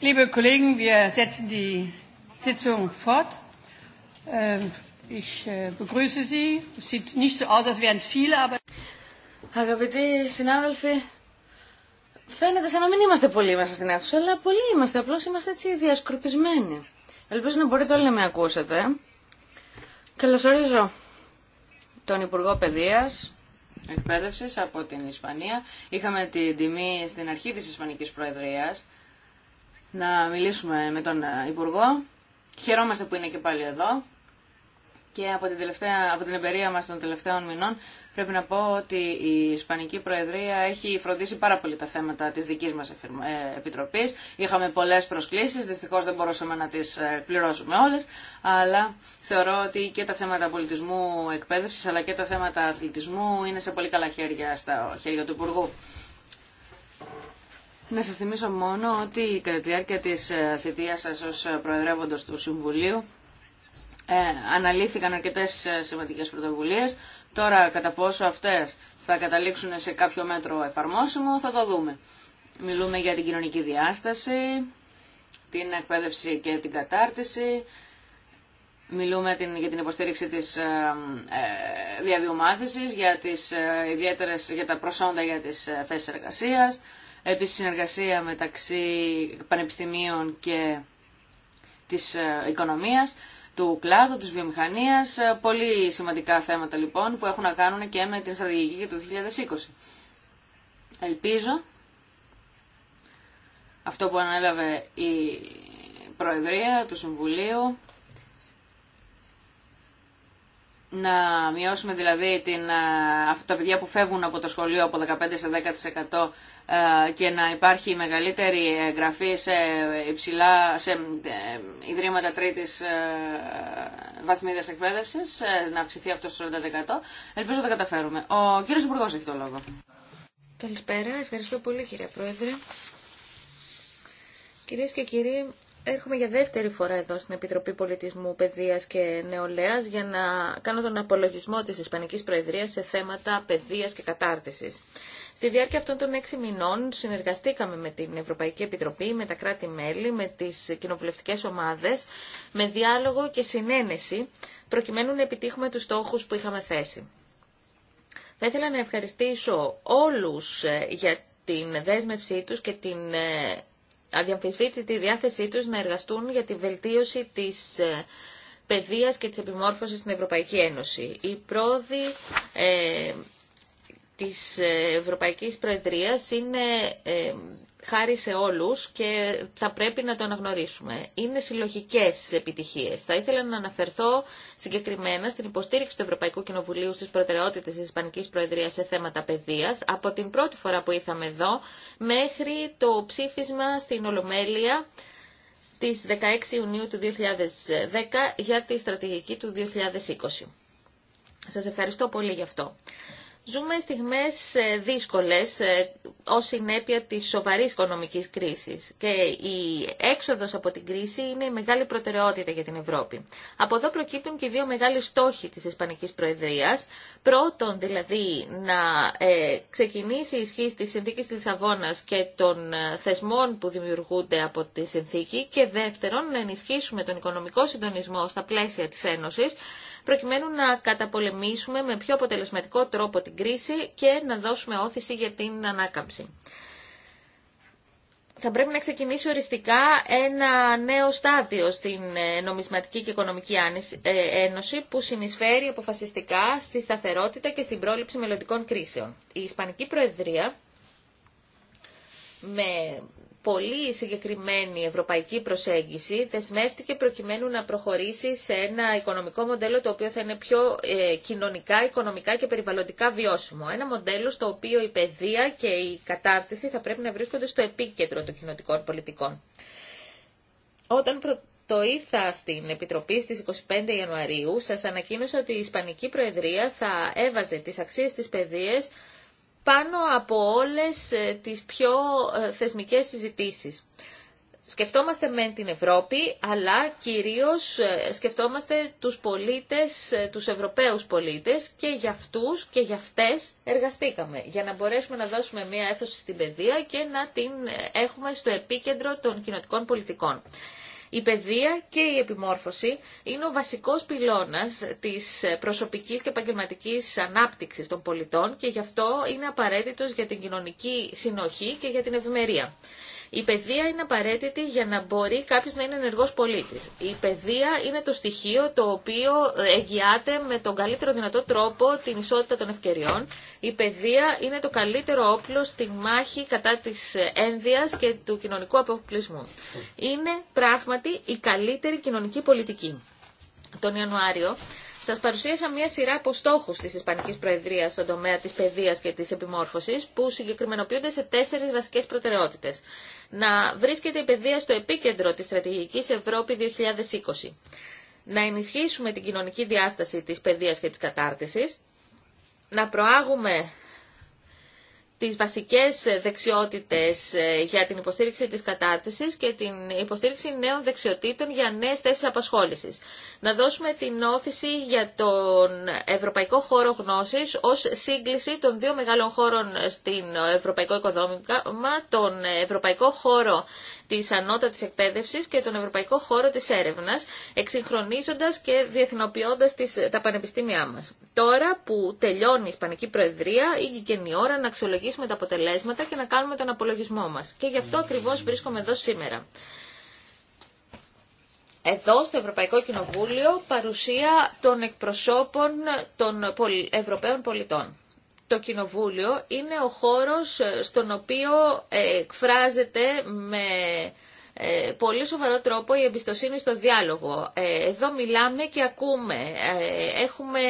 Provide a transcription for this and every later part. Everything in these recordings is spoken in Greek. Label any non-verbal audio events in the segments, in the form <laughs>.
Liebe Kollegen, wir setzen die Sitzung fort. Ähm, ich äh, begrüße Sie. Es sieht nicht so aus, als wären es viele, aber... Αγαπητοί συνάδελφοι, φαίνεται σαν να μην είμαστε πολλοί μέσα στην αίθουσα, αλλά πολλοί είμαστε, απλώς είμαστε έτσι διασκορπισμένοι. Ελπίζω να μπορείτε όλοι να με ακούσετε. Καλωσορίζω τον Υπουργό Παιδείας, εκπαίδευση από την Ισπανία. Είχαμε την τιμή στην αρχή της Ισπανικής Προεδρίας να μιλήσουμε με τον ε, Υπουργό. Χαιρόμαστε που είναι και πάλι εδώ και από την, τελευταία, από την εμπειρία μας των τελευταίων μηνών πρέπει να πω ότι η Ισπανική Προεδρία έχει φροντίσει πάρα πολύ τα θέματα της δικής μας ε, Επιτροπής. Είχαμε πολλές προσκλήσεις, δυστυχώς δεν μπορούσαμε να τις ε, πληρώσουμε όλες, αλλά θεωρώ ότι και τα θέματα πολιτισμού εκπαίδευσης αλλά και τα θέματα αθλητισμού είναι σε πολύ καλά χέρια στα χέρια του Υπουργού. Να σας θυμίσω μόνο ότι κατά τη διάρκεια της ε, θητείας σας ως ε, Προεδρεύοντος του Συμβουλίου ε, αναλύθηκαν αρκετές ε, σημαντικές πρωτοβουλίες. Τώρα κατά πόσο αυτές θα καταλήξουν σε κάποιο μέτρο εφαρμόσιμο θα το δούμε. Μιλούμε για την κοινωνική διάσταση, την εκπαίδευση και την κατάρτιση, Μιλούμε για την υποστήριξη της ε, διαβιομάθησης, για, τις, ιδιαίτερες, για τα προσόντα για τις θέσεις εργασίας. Επίσης συνεργασία μεταξύ πανεπιστημίων και της ε, οικονομίας, του κλάδου, της βιομηχανίας. Ε, πολύ σημαντικά θέματα λοιπόν που έχουν να κάνουν και με την στρατηγική για το 2020. Ελπίζω αυτό που ανέλαβε η Προεδρία του Συμβουλίου να μειώσουμε δηλαδή την, ε, τα παιδιά που φεύγουν από το σχολείο από 15% σε 10% ε, και να υπάρχει μεγαλύτερη εγγραφή σε υψηλά σε ε, ιδρύματα τρίτης βαθμίδας εκπαίδευσης, να αυξηθεί αυτό στο 40%. Ελπίζω να τα καταφέρουμε. Ο κύριος Υπουργό έχει το λόγο. Καλησπέρα. Ευχαριστώ πολύ κύριε Πρόεδρε. Κυρίες και κύριοι, έρχομαι για δεύτερη φορά εδώ στην Επιτροπή Πολιτισμού, Παιδείας και Νεολαίας για να κάνω τον απολογισμό της Ισπανικής Προεδρίας σε θέματα παιδείας και κατάρτισης. Στη διάρκεια αυτών των έξι μηνών συνεργαστήκαμε με την Ευρωπαϊκή Επιτροπή, με τα κράτη-μέλη, με τις κοινοβουλευτικές ομάδες, με διάλογο και συνένεση, προκειμένου να επιτύχουμε τους στόχους που είχαμε θέσει. Θα ήθελα να ευχαριστήσω όλους ε, για την δέσμευσή τους και την ε, αδιαμφισβήτητη διάθεσή τους να εργαστούν για τη βελτίωση της ε, παιδείας και της επιμόρφωσης στην Ευρωπαϊκή Ένωση. Η πρόοδη ε, της ε, Ευρωπαϊκής Προεδρίας είναι ε, χάρη σε όλους και θα πρέπει να το αναγνωρίσουμε. Είναι συλλογικές επιτυχίες. Θα ήθελα να αναφερθώ συγκεκριμένα στην υποστήριξη του Ευρωπαϊκού Κοινοβουλίου στις προτεραιότητες της Ισπανικής Προεδρίας σε θέματα παιδείας από την πρώτη φορά που ήρθαμε εδώ μέχρι το ψήφισμα στην Ολομέλεια στις 16 Ιουνίου του 2010 για τη στρατηγική του 2020. Σας ευχαριστώ πολύ γι' αυτό. Ζούμε στιγμές ε, δύσκολες ε, ως συνέπεια της σοβαρής οικονομικής κρίσης και η έξοδος από την κρίση είναι η μεγάλη προτεραιότητα για την Ευρώπη. Από εδώ προκύπτουν και δύο μεγάλοι στόχοι της Ισπανικής Προεδρίας. Πρώτον, δηλαδή, να ε, ξεκινήσει η ισχύ της Συνθήκης της Λισαβόνας και των θεσμών που δημιουργούνται από τη Συνθήκη και δεύτερον, να ενισχύσουμε τον οικονομικό συντονισμό στα πλαίσια της Ένωσης προκειμένου να καταπολεμήσουμε με πιο αποτελεσματικό τρόπο την κρίση και να δώσουμε όθηση για την ανάκαμψη. Θα πρέπει να ξεκινήσει οριστικά ένα νέο στάδιο στην ε, νομισματική και οικονομική ε, ένωση που συνεισφέρει αποφασιστικά στη σταθερότητα και στην πρόληψη μελλοντικών κρίσεων. Η Ισπανική Προεδρία με πολύ συγκεκριμένη ευρωπαϊκή προσέγγιση δεσμεύτηκε προκειμένου να προχωρήσει σε ένα οικονομικό μοντέλο το οποίο θα είναι πιο ε, κοινωνικά, οικονομικά και περιβαλλοντικά βιώσιμο. Ένα μοντέλο στο οποίο η παιδεία και η κατάρτιση θα πρέπει να βρίσκονται στο επίκεντρο των κοινωτικών πολιτικών. Όταν προ... Το ήρθα στην Επιτροπή στις 25 Ιανουαρίου, σας ανακοίνωσα ότι η Ισπανική Προεδρία θα έβαζε τις αξίες της παιδείας πάνω από όλες ε, τις πιο ε, θεσμικές συζητήσεις. Σκεφτόμαστε με την Ευρώπη, αλλά κυρίως ε, σκεφτόμαστε τους πολίτες, τους Ευρωπαίους πολίτες και για αυτούς και για αυτές εργαστήκαμε, για να μπορέσουμε να δώσουμε μία έθωση στην παιδεία και να την έχουμε στο επίκεντρο των κοινοτικών πολιτικών. Η παιδεία και η επιμόρφωση είναι ο βασικός πυλώνας της προσωπικής και επαγγελματική ανάπτυξης των πολιτών και γι' αυτό είναι απαραίτητος για την κοινωνική συνοχή και για την ευημερία. Η παιδεία είναι απαραίτητη για να μπορεί κάποιο να είναι ενεργό πολίτη. Η παιδεία είναι το στοιχείο το οποίο εγγυάται με τον καλύτερο δυνατό τρόπο την ισότητα των ευκαιριών. Η παιδεία είναι το καλύτερο όπλο στη μάχη κατά τη ένδυα και του κοινωνικού αποκλεισμού. Είναι πράγματι η καλύτερη κοινωνική πολιτική. Τον Ιανουάριο Σα παρουσίασα μια σειρά από στόχου της Ισπανική Προεδρία στον τομέα τη παιδείας και τη επιμόρφωση που συγκεκριμενοποιούνται σε τέσσερις βασικέ προτεραιότητε. Να βρίσκεται η παιδεία στο επίκεντρο τη Στρατηγική Ευρώπη 2020. Να ενισχύσουμε την κοινωνική διάσταση τη παιδείας και τη κατάρτιση, Να προάγουμε τις βασικές δεξιότητες ε, για την υποστήριξη της κατάρτισης και την υποστήριξη νέων δεξιοτήτων για νέες θέσεις απασχόλησης. Να δώσουμε την όθηση για τον Ευρωπαϊκό Χώρο Γνώσης ως σύγκληση των δύο μεγάλων χώρων στην Ευρωπαϊκό Οικοδόμημα, τον Ευρωπαϊκό Χώρο της ανώτατης εκπαίδευση και τον ευρωπαϊκό χώρο της έρευνας, εξυγχρονίζοντα και διεθνοποιώντας τα πανεπιστήμια μας. Τώρα που τελειώνει η Ισπανική Προεδρία, ήγει και η ώρα να αξιολογήσουμε τα αποτελέσματα και να κάνουμε τον απολογισμό μας. Και γι' αυτό ακριβώς βρίσκομαι εδώ σήμερα εδώ στο Ευρωπαϊκό Κοινοβούλιο παρουσία των εκπροσώπων των Ευρωπαίων πολιτών το κοινοβούλιο είναι ο χώρος ε, στον οποίο ε, εκφράζεται με ε, πολύ σοβαρό τρόπο η εμπιστοσύνη στο διάλογο. Εδώ μιλάμε και ακούμε. Έχουμε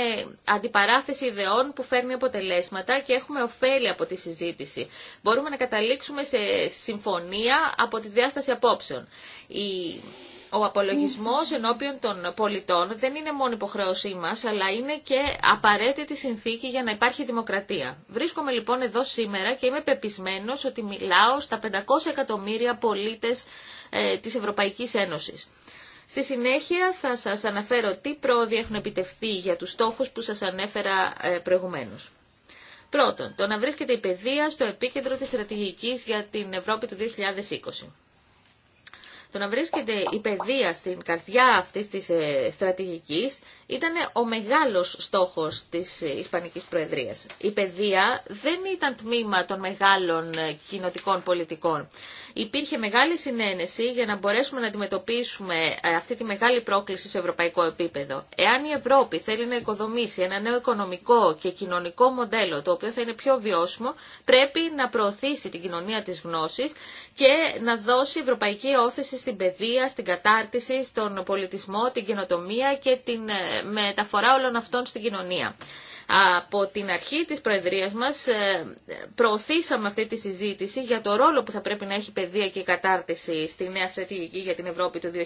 αντιπαράθεση ιδεών που φέρνει αποτελέσματα και έχουμε ωφέλη από τη συζήτηση. Μπορούμε να καταλήξουμε σε συμφωνία από τη διάσταση απόψεων ο απολογισμό ενώπιον των πολιτών δεν είναι μόνο υποχρέωσή μα, αλλά είναι και απαραίτητη συνθήκη για να υπάρχει δημοκρατία. Βρίσκομαι λοιπόν εδώ σήμερα και είμαι πεπισμένο ότι μιλάω στα 500 εκατομμύρια πολίτε ε, της Ευρωπαϊκής Ένωσης. Στη συνέχεια θα σα αναφέρω τι πρόοδοι έχουν επιτευχθεί για του στόχου που σα ανέφερα ε, προηγουμένως. Πρώτον, το να βρίσκεται η παιδεία στο επίκεντρο της στρατηγικής για την Ευρώπη του 2020. Το να βρίσκεται η παιδεία στην καρδιά αυτής της ε, στρατηγικής ήταν ο μεγάλος στόχος της ε, Ισπανικής Προεδρίας. Η παιδεία δεν ήταν τμήμα των μεγάλων ε, κοινοτικών πολιτικών. Υπήρχε μεγάλη συνένεση για να μπορέσουμε να αντιμετωπίσουμε αυτή τη μεγάλη πρόκληση σε ευρωπαϊκό επίπεδο. Εάν η Ευρώπη θέλει να οικοδομήσει ένα νέο οικονομικό και κοινωνικό μοντέλο, το οποίο θα είναι πιο βιώσιμο, πρέπει να προωθήσει την κοινωνία της γνώσης και να δώσει ευρωπαϊκή όθεση στην παιδεία, στην κατάρτιση, στον πολιτισμό, την καινοτομία και την ε, μεταφορά όλων αυτών στην κοινωνία. Από την αρχή της Προεδρίας μας ε, προωθήσαμε αυτή τη συζήτηση για το ρόλο που θα πρέπει να έχει παιδεία και κατάρτιση στη νέα στρατηγική για την Ευρώπη του 2020.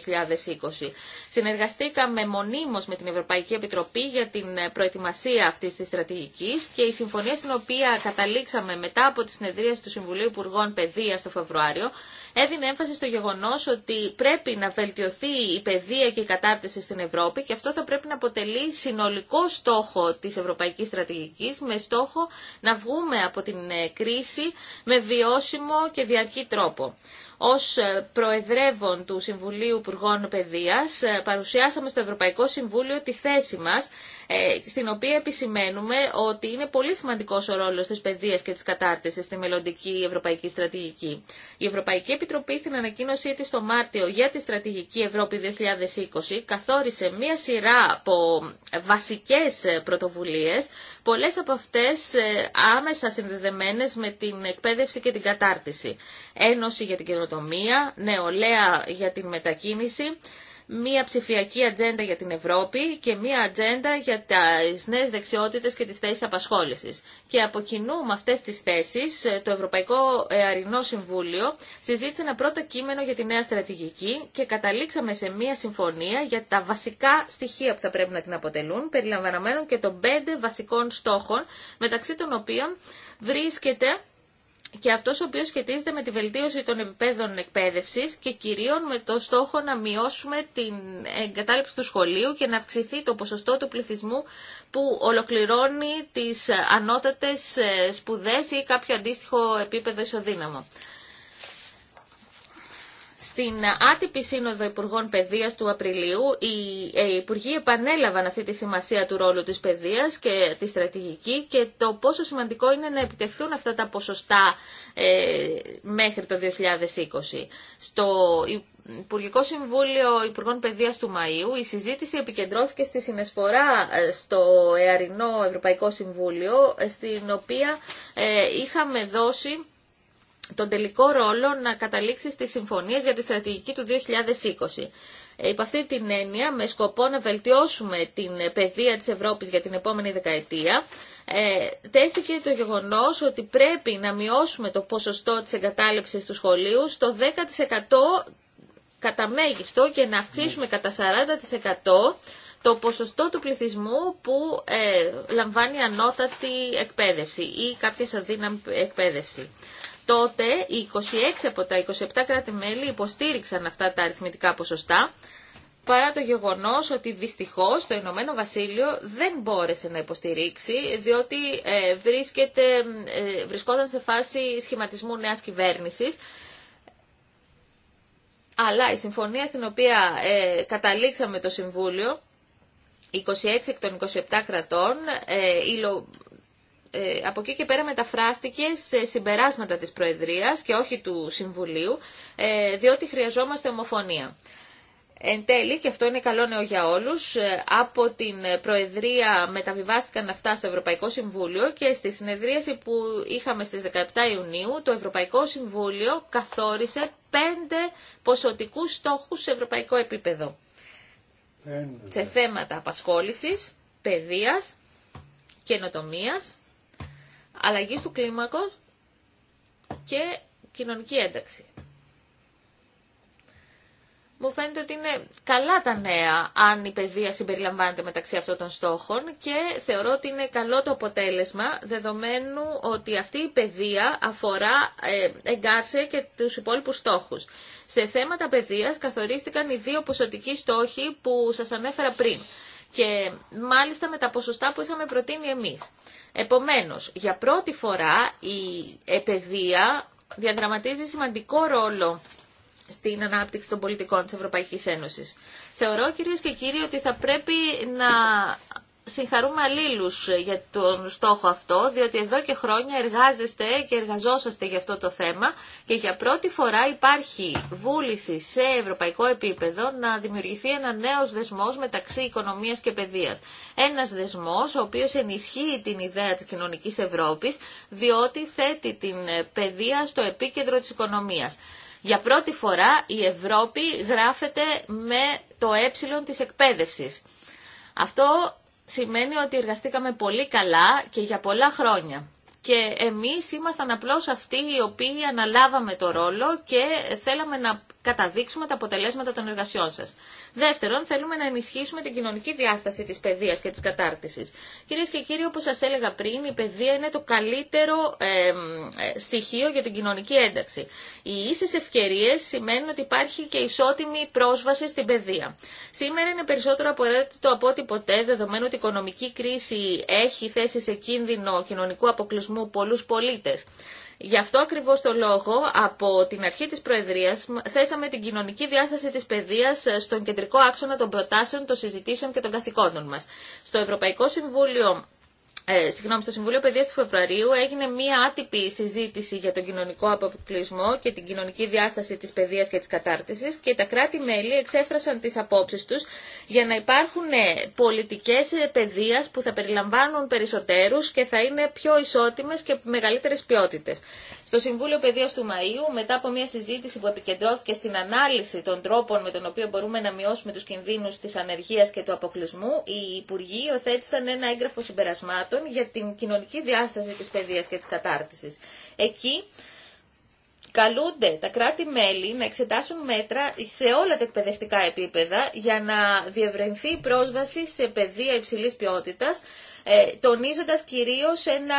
Συνεργαστήκαμε μονίμως με την Ευρωπαϊκή Επιτροπή για την ε, προετοιμασία αυτής της στρατηγικής και η συμφωνία στην οποία καταλήξαμε μετά από τη συνεδρία του Συμβουλίου Υπουργών Παιδείας το Φεβρουάριο έδινε έμφαση στο γεγονός ότι πρέπει να βελτιωθεί η παιδεία και η κατάρτιση στην Ευρώπη και αυτό θα πρέπει να αποτελεί συνολικό στόχο της Ευρωπαϊκής Στρατηγικής με στόχο να βγούμε από την ε, κρίση με βιώσιμο και διαρκή τρόπο ως ε, προεδρεύων του Συμβουλίου Υπουργών Παιδείας ε, παρουσιάσαμε στο Ευρωπαϊκό Συμβούλιο τη θέση μας, ε, στην οποία επισημαίνουμε ότι είναι πολύ σημαντικός ο ρόλος της παιδείας και της κατάρτισης στη μελλοντική ευρωπαϊκή στρατηγική. Η Ευρωπαϊκή Επιτροπή στην ανακοίνωσή της το Μάρτιο για τη Στρατηγική Ευρώπη 2020 καθόρισε μία σειρά από βασικές πρωτοβουλίες πολλές από αυτές ε, άμεσα συνδεδεμένες με την εκπαίδευση και την κατάρτιση. Ένωση για την καινοτομία, νεολαία για την μετακίνηση, μία ψηφιακή ατζέντα για την Ευρώπη και μία ατζέντα για τις νέες δεξιότητες και τις θέσεις απασχόλησης. Και από κοινού με αυτές τις θέσεις ε, το Ευρωπαϊκό ε, Αρινό Συμβούλιο συζήτησε ένα πρώτο κείμενο για τη νέα στρατηγική και καταλήξαμε σε μία συμφωνία για τα βασικά στοιχεία που θα πρέπει να την αποτελούν, περιλαμβανομένων και των πέντε βασικών στόχων, μεταξύ των οποίων βρίσκεται και αυτός ο οποίος σχετίζεται με τη βελτίωση των επιπέδων εκπαίδευσης και κυρίως με το στόχο να μειώσουμε την εγκατάλειψη του σχολείου και να αυξηθεί το ποσοστό του πληθυσμού που ολοκληρώνει τις ανώτατες ε, σπουδές ή κάποιο αντίστοιχο επίπεδο ισοδύναμο. Στην άτυπη σύνοδο Υπουργών Παιδεία του Απριλίου, ε, οι Υπουργοί επανέλαβαν αυτή τη σημασία του ρόλου της παιδεία και τη στρατηγική και το πόσο σημαντικό είναι να επιτευχθούν αυτά τα ποσοστά ε, μέχρι το 2020. Στο Υπουργικό Συμβούλιο Υπουργών Παιδεία του Μαΐου η συζήτηση επικεντρώθηκε στη συνεισφορά ε, στο Εαρινό Ευρωπαϊκό Συμβούλιο στην οποία είχαμε δώσει τον τελικό ρόλο να καταλήξει στις συμφωνίες για τη στρατηγική του 2020. Ε, υπ' αυτή την έννοια, με σκοπό να βελτιώσουμε την παιδεία της Ευρώπης για την επόμενη δεκαετία, ε, τέθηκε το γεγονός ότι πρέπει να μειώσουμε το ποσοστό της εγκατάλειψης του σχολείου στο 10% κατά μέγιστο και να αυξήσουμε κατά 40% το ποσοστό του πληθυσμού που ε, λαμβάνει ανώτατη εκπαίδευση ή κάποια αδύναμη εκπαίδευση τότε οι 26 από τα 27 κράτη-μέλη υποστήριξαν αυτά τα αριθμητικά ποσοστά, παρά το γεγονός ότι δυστυχώς το Ηνωμένο Βασίλειο δεν μπόρεσε να υποστηρίξει, διότι ε, ε, βρισκόταν σε φάση σχηματισμού νέας κυβέρνησης, αλλά η συμφωνία στην οποία ε, καταλήξαμε το Συμβούλιο, 26 εκ των 27 κρατών, υλο, ε, από εκεί και πέρα μεταφράστηκε σε συμπεράσματα της Προεδρίας και όχι του Συμβουλίου, ε, διότι χρειαζόμαστε ομοφωνία. Εν τέλει, και αυτό είναι καλό νέο για όλους, ε, από την Προεδρία μεταβιβάστηκαν αυτά στο Ευρωπαϊκό Συμβούλιο και στη συνεδρίαση που είχαμε στις 17 Ιουνίου, το Ευρωπαϊκό Συμβούλιο καθόρισε πέντε ποσοτικούς στόχους σε ευρωπαϊκό επίπεδο. Σε θέματα απασχόλησης, παιδείας, καινοτομίας, Αλλαγή του κλίμακος και κοινωνική ένταξη. Μου φαίνεται ότι είναι καλά τα νέα αν η παιδεία συμπεριλαμβάνεται μεταξύ αυτών των στόχων και θεωρώ ότι είναι καλό το αποτέλεσμα δεδομένου ότι αυτή η παιδεία αφορά ε, εγκάρσε και τους υπόλοιπους στόχους. Σε θέματα παιδείας καθορίστηκαν οι δύο ποσοτικοί στόχοι που σας ανέφερα πριν και μάλιστα με τα ποσοστά που είχαμε προτείνει εμείς. Επομένως, για πρώτη φορά η επαιδεία διαδραματίζει σημαντικό ρόλο στην ανάπτυξη των πολιτικών της Ευρωπαϊκής Ένωσης. Θεωρώ κυρίες και κύριοι ότι θα πρέπει να συγχαρούμε αλλήλους ε, για τον στόχο αυτό, διότι εδώ και χρόνια εργάζεστε και εργαζόσαστε για αυτό το θέμα και για πρώτη φορά υπάρχει βούληση σε ευρωπαϊκό επίπεδο να δημιουργηθεί ένα νέος δεσμός μεταξύ οικονομίας και παιδείας. Ένας δεσμός ο οποίος ενισχύει την ιδέα της κοινωνικής Ευρώπης, διότι θέτει την ε, παιδεία στο επίκεντρο της οικονομίας. Για πρώτη φορά η Ευρώπη γράφεται με το ε της εκπαίδευσης. Αυτό σημαίνει ότι εργαστήκαμε πολύ καλά και για πολλά χρόνια και εμείς ήμασταν απλώς αυτοί οι οποίοι αναλάβαμε το ρόλο και θέλαμε να καταδείξουμε τα αποτελέσματα των εργασιών σας. Δεύτερον, θέλουμε να ενισχύσουμε την κοινωνική διάσταση της παιδείας και της κατάρτισης. Κυρίες και κύριοι, όπως σας έλεγα πριν, η παιδεία είναι το καλύτερο ε, στοιχείο για την κοινωνική ένταξη. Οι ίσες ευκαιρίες σημαίνουν ότι υπάρχει και ισότιμη πρόσβαση στην παιδεία. Σήμερα είναι περισσότερο απαραίτητο από ό,τι ποτέ, δεδομένου ότι η οικονομική κρίση έχει θέσει σε κίνδυνο κοινωνικού αποκλεισμού πληθυσμού πολλούς πολίτες. Γι' αυτό ακριβώς το λόγο, από την αρχή της Προεδρίας, θέσαμε την κοινωνική διάσταση της παιδείας ε, στον κεντρικό άξονα των προτάσεων, των συζητήσεων και των καθηκόντων μας. Στο Ευρωπαϊκό Συμβούλιο ε, συγγνώμη, στο Συμβουλίο Παιδείας του Φεβρουαρίου έγινε μία άτυπη συζήτηση για τον κοινωνικό αποκλεισμό και την κοινωνική διάσταση της παιδείας και της κατάρτισης και τα κράτη-μέλη εξέφρασαν τις απόψεις τους για να υπάρχουν ε, πολιτικές ε, παιδείας που θα περιλαμβάνουν περισσότερους και θα είναι πιο ισότιμες και μεγαλύτερες ποιότητες. Στο Συμβούλιο Παιδείας του Μαΐου, μετά από μια συζήτηση που επικεντρώθηκε στην ανάλυση των τρόπων με τον οποίο μπορούμε να μειώσουμε του κινδύνους της ανεργίας και του αποκλεισμού, οι Υπουργοί υιοθέτησαν ένα έγγραφο συμπερασμάτων για την κοινωνική διάσταση της παιδείας και της κατάρτισης. Εκεί καλούνται τα κράτη-μέλη να εξετάσουν μέτρα σε όλα τα εκπαιδευτικά επίπεδα για να διευρυνθεί η πρόσβαση σε παιδεία υψηλής ποιότητας ε, τονίζοντας κυρίως ένα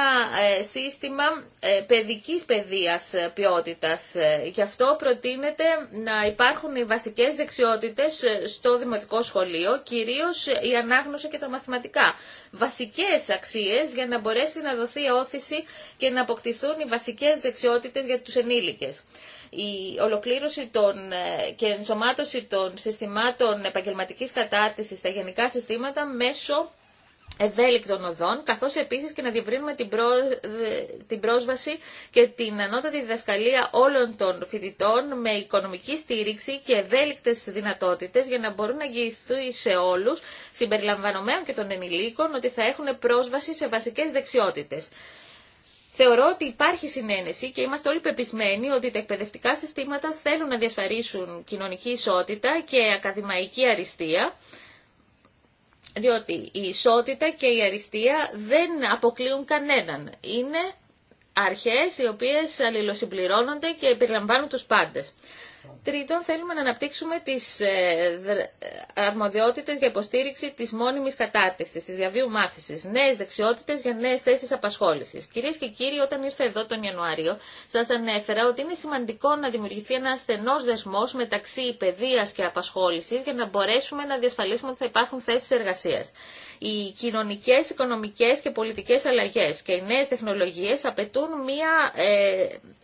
ε, σύστημα ε, παιδικής παιδείας ποιότητας. Γι' αυτό προτείνεται να υπάρχουν οι βασικές δεξιότητες στο δημοτικό σχολείο, κυρίως η ανάγνωση και τα μαθηματικά. Βασικές αξίες για να μπορέσει να δοθεί όθηση και να αποκτηθούν οι βασικές δεξιότητες για τους ενήλικες. Η ολοκλήρωση των, και ενσωμάτωση των συστημάτων επαγγελματικής κατάρτισης στα γενικά συστήματα μέσω ευέλικτων οδών, καθώς επίσης και να διευρύνουμε την, την πρόσβαση και την ανώτατη διδασκαλία όλων των φοιτητών με οικονομική στήριξη και ευέλικτες δυνατότητες για να μπορούν να εγγυηθεί σε όλους, συμπεριλαμβανομένων και των ενηλίκων, ότι θα έχουν πρόσβαση σε βασικές δεξιότητες. Θεωρώ ότι υπάρχει συνένεση και είμαστε όλοι πεπισμένοι ότι τα εκπαιδευτικά συστήματα θέλουν να διασφαρίσουν κοινωνική ισότητα και ακαδημαϊκή αριστεία διότι η ισότητα και η αριστεία δεν αποκλείουν κανέναν. Είναι αρχές οι οποίες αλληλοσυμπληρώνονται και περιλαμβάνουν τους πάντες. Τρίτον, θέλουμε να αναπτύξουμε τις ε, ε, αρμοδιότητες για υποστήριξη τη μόνιμη κατάρτιση, τη διαβίου μάθηση, νέες δεξιότητες για νέες θέσεις απασχόλησης. Κυρίες και κύριοι, όταν ήρθε εδώ τον Ιανουάριο, σας ανέφερα ότι είναι σημαντικό να δημιουργηθεί ένα στενός δεσμός μεταξύ παιδεία και απασχόληση για να μπορέσουμε να διασφαλίσουμε ότι θα υπάρχουν θέσει εργασία οι κοινωνικές, οικονομικές και πολιτικές αλλαγές και οι νέες τεχνολογίες απαιτούν μία ε,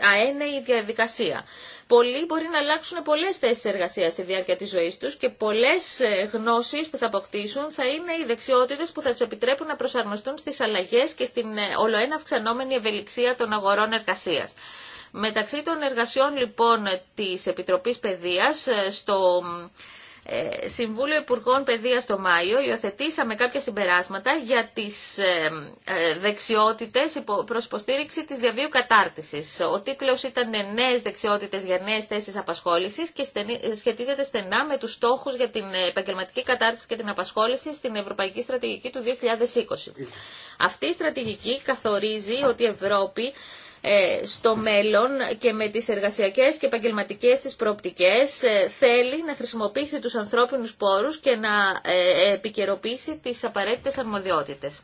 αένεη διαδικασία. Πολλοί μπορεί να αλλάξουν πολλές θέσεις εργασίας στη διάρκεια της ζωής τους και πολλές ε, γνώσεις που θα αποκτήσουν θα είναι οι δεξιότητες που θα τους επιτρέπουν να προσαρμοστούν στις αλλαγές και στην ε, ολοένα αυξανόμενη ευελιξία των αγορών εργασίας. Μεταξύ των εργασιών λοιπόν της Επιτροπής Παιδείας ε, στο ε, Συμβούλιο Υπουργών Παιδείας το Μάιο υιοθετήσαμε κάποια συμπεράσματα για τις ε, ε, δεξιότητες προς υποστήριξη της διαβίου κατάρτισης. Ο τίτλος ήταν «Νέες δεξιότητες για νέες θέσεις απασχόλησης» και σχετίζεται στενά με τους στόχους για την επαγγελματική κατάρτιση και την απασχόληση στην Ευρωπαϊκή Στρατηγική του 2020. Αυτή η στρατηγική καθορίζει ότι η Ευρώπη ε, στο μέλλον και με τις εργασιακές και επαγγελματικέ της προοπτικές ε, θέλει να χρησιμοποιήσει τους ανθρώπινους πόρους και να ε, επικαιροποιήσει τις απαραίτητες αρμοδιότητες.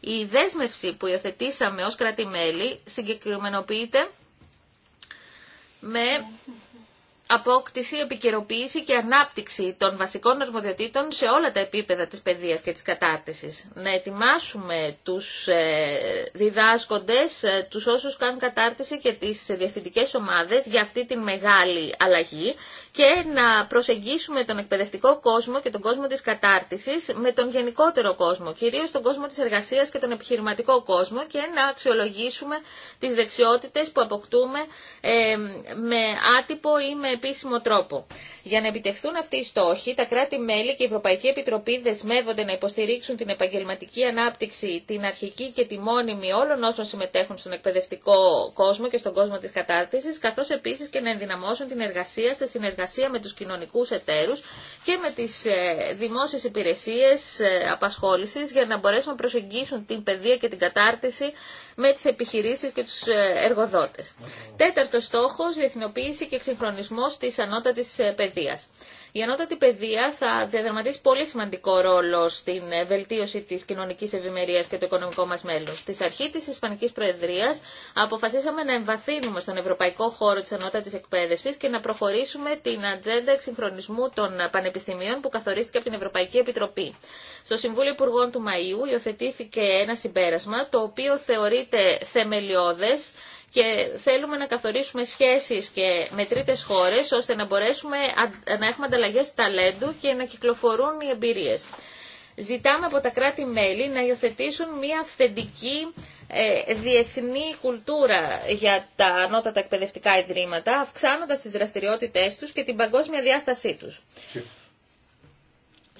Η δέσμευση που υιοθετήσαμε ως κράτη-μέλη συγκεκριμενοποιείται με απόκτηση, επικαιροποίηση και ανάπτυξη των βασικών αρμοδιοτήτων σε όλα τα επίπεδα της παιδείας και της κατάρτισης. Να ετοιμάσουμε τους ε, διδάσκοντες, ε, τους όσους κάνουν κατάρτιση και τις διευθυντικές ομάδες για αυτή τη μεγάλη αλλαγή και να προσεγγίσουμε τον εκπαιδευτικό κόσμο και τον κόσμο της κατάρτισης με τον γενικότερο κόσμο, κυρίως τον κόσμο της εργασίας και τον επιχειρηματικό κόσμο και να αξιολογήσουμε τις δεξιότητες που αποκτούμε ε, με άτυπο ή με επίσημο τρόπο. Για να επιτευχθούν αυτοί οι στόχοι, τα κράτη-μέλη και η Ευρωπαϊκή Επιτροπή δεσμεύονται να υποστηρίξουν την επαγγελματική ανάπτυξη, την αρχική και τη μόνιμη όλων όσων συμμετέχουν στον εκπαιδευτικό κόσμο και στον κόσμο τη κατάρτιση, καθώ επίση και να ενδυναμώσουν την εργασία σε συνεργασία με του κοινωνικού εταίρου και με τι ε, δημόσιε υπηρεσίε απασχόληση για να μπορέσουν να προσεγγίσουν την παιδεία και την κατάρτιση με τις επιχειρήσεις και τους ε, εργοδότες. Τέταρτος στόχος, διεθνοποίηση και εξυγχρονισμός της ανώτατης ε, παιδείας. Η ανώτατη παιδεία θα διαδραματίσει πολύ σημαντικό ρόλο στην ε, βελτίωση τη κοινωνική ευημερία και το οικονομικό μα μέλλον. Στη αρχή τη Ισπανική Προεδρία αποφασίσαμε να εμβαθύνουμε στον ευρωπαϊκό χώρο τη ανώτατη εκπαίδευση και να προχωρήσουμε την ατζέντα εξυγχρονισμού των πανεπιστημίων που καθορίστηκε από την Ευρωπαϊκή Επιτροπή. Στο Συμβούλιο Υπουργών του Μαΐου υιοθετήθηκε ένα συμπέρασμα το οποίο θεωρείται θεμελιώδε και θέλουμε να καθορίσουμε σχέσεις και με τρίτες χώρες ώστε να μπορέσουμε να έχουμε ανταλλαγές ταλέντου και να κυκλοφορούν οι εμπειρίες. Ζητάμε από τα κράτη-μέλη να υιοθετήσουν μια αυθεντική ε, διεθνή κουλτούρα για τα ανώτατα εκπαιδευτικά ιδρύματα, αυξάνοντας τις δραστηριότητές τους και την παγκόσμια διάστασή τους.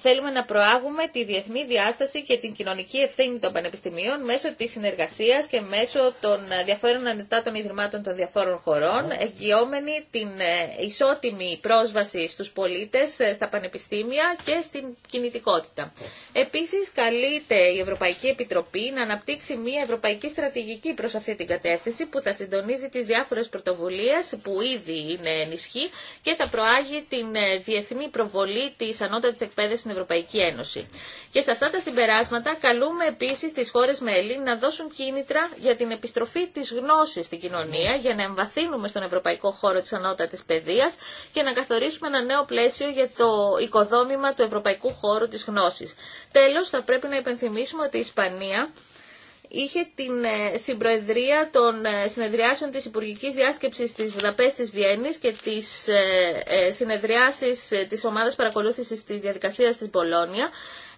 Θέλουμε να προάγουμε τη διεθνή διάσταση και την κοινωνική ευθύνη των πανεπιστημίων μέσω τη συνεργασία και μέσω των ε, διαφόρων ανετάτων ιδρυμάτων των διαφόρων χωρών, εγγυόμενη την ε, ισότιμη πρόσβαση στου πολίτε, ε, στα πανεπιστήμια και στην κινητικότητα. Επίση, καλείται η Ευρωπαϊκή Επιτροπή να αναπτύξει μια ευρωπαϊκή στρατηγική προ αυτή την κατεύθυνση που θα συντονίζει τι διάφορε πρωτοβουλίε που ήδη είναι ενισχύ και θα προάγει την διεθνή προβολή τη ανώτατη εκπαίδευση στην Ευρωπαϊκή Ένωση. Και σε αυτά τα συμπεράσματα καλούμε επίσης τις χώρες μέλη να δώσουν κίνητρα για την επιστροφή της γνώσης στην κοινωνία, για να εμβαθύνουμε στον ευρωπαϊκό χώρο της ανώτατης παιδείας και να καθορίσουμε ένα νέο πλαίσιο για το οικοδόμημα του ευρωπαϊκού χώρου της γνώσης. Τέλος, θα πρέπει να υπενθυμίσουμε ότι η Ισπανία είχε την ε, συμπροεδρία των ε, συνεδριάσεων της Υπουργικής Διάσκεψης της Βουδαπέστης Βιέννης και της ε, συνεδριάσεις της Ομάδας Παρακολούθησης της Διαδικασίας της Πολώνια.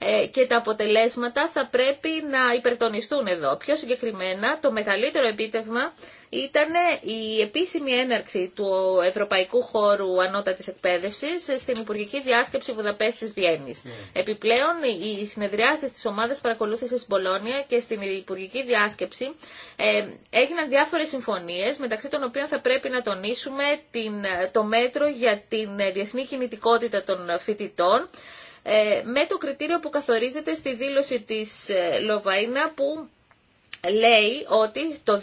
Ε, και τα αποτελέσματα θα πρέπει να υπερτονιστούν εδώ. Πιο συγκεκριμένα, το μεγαλύτερο επίτευγμα ήταν η επίσημη έναρξη του Ευρωπαϊκού Χώρου Ανώτατης Εκπαίδευσης στην Υπουργική Διάσκεψη Βουδαπέστης Βιέννης. Ναι. Επιπλέον, οι συνεδριάσεις της Ομάδας Παρακολούθησης στην Πολώνια και στην Υπουργική Διάσκεψη ε, έγιναν διάφορες συμφωνίες, μεταξύ των οποίων θα πρέπει να τονίσουμε το μέτρο για την διεθνή κινητικότητα των φοιτητών, ε, με το κριτήριο που καθορίζεται στη δήλωση της ε, Λοβαϊνά που λέει ότι το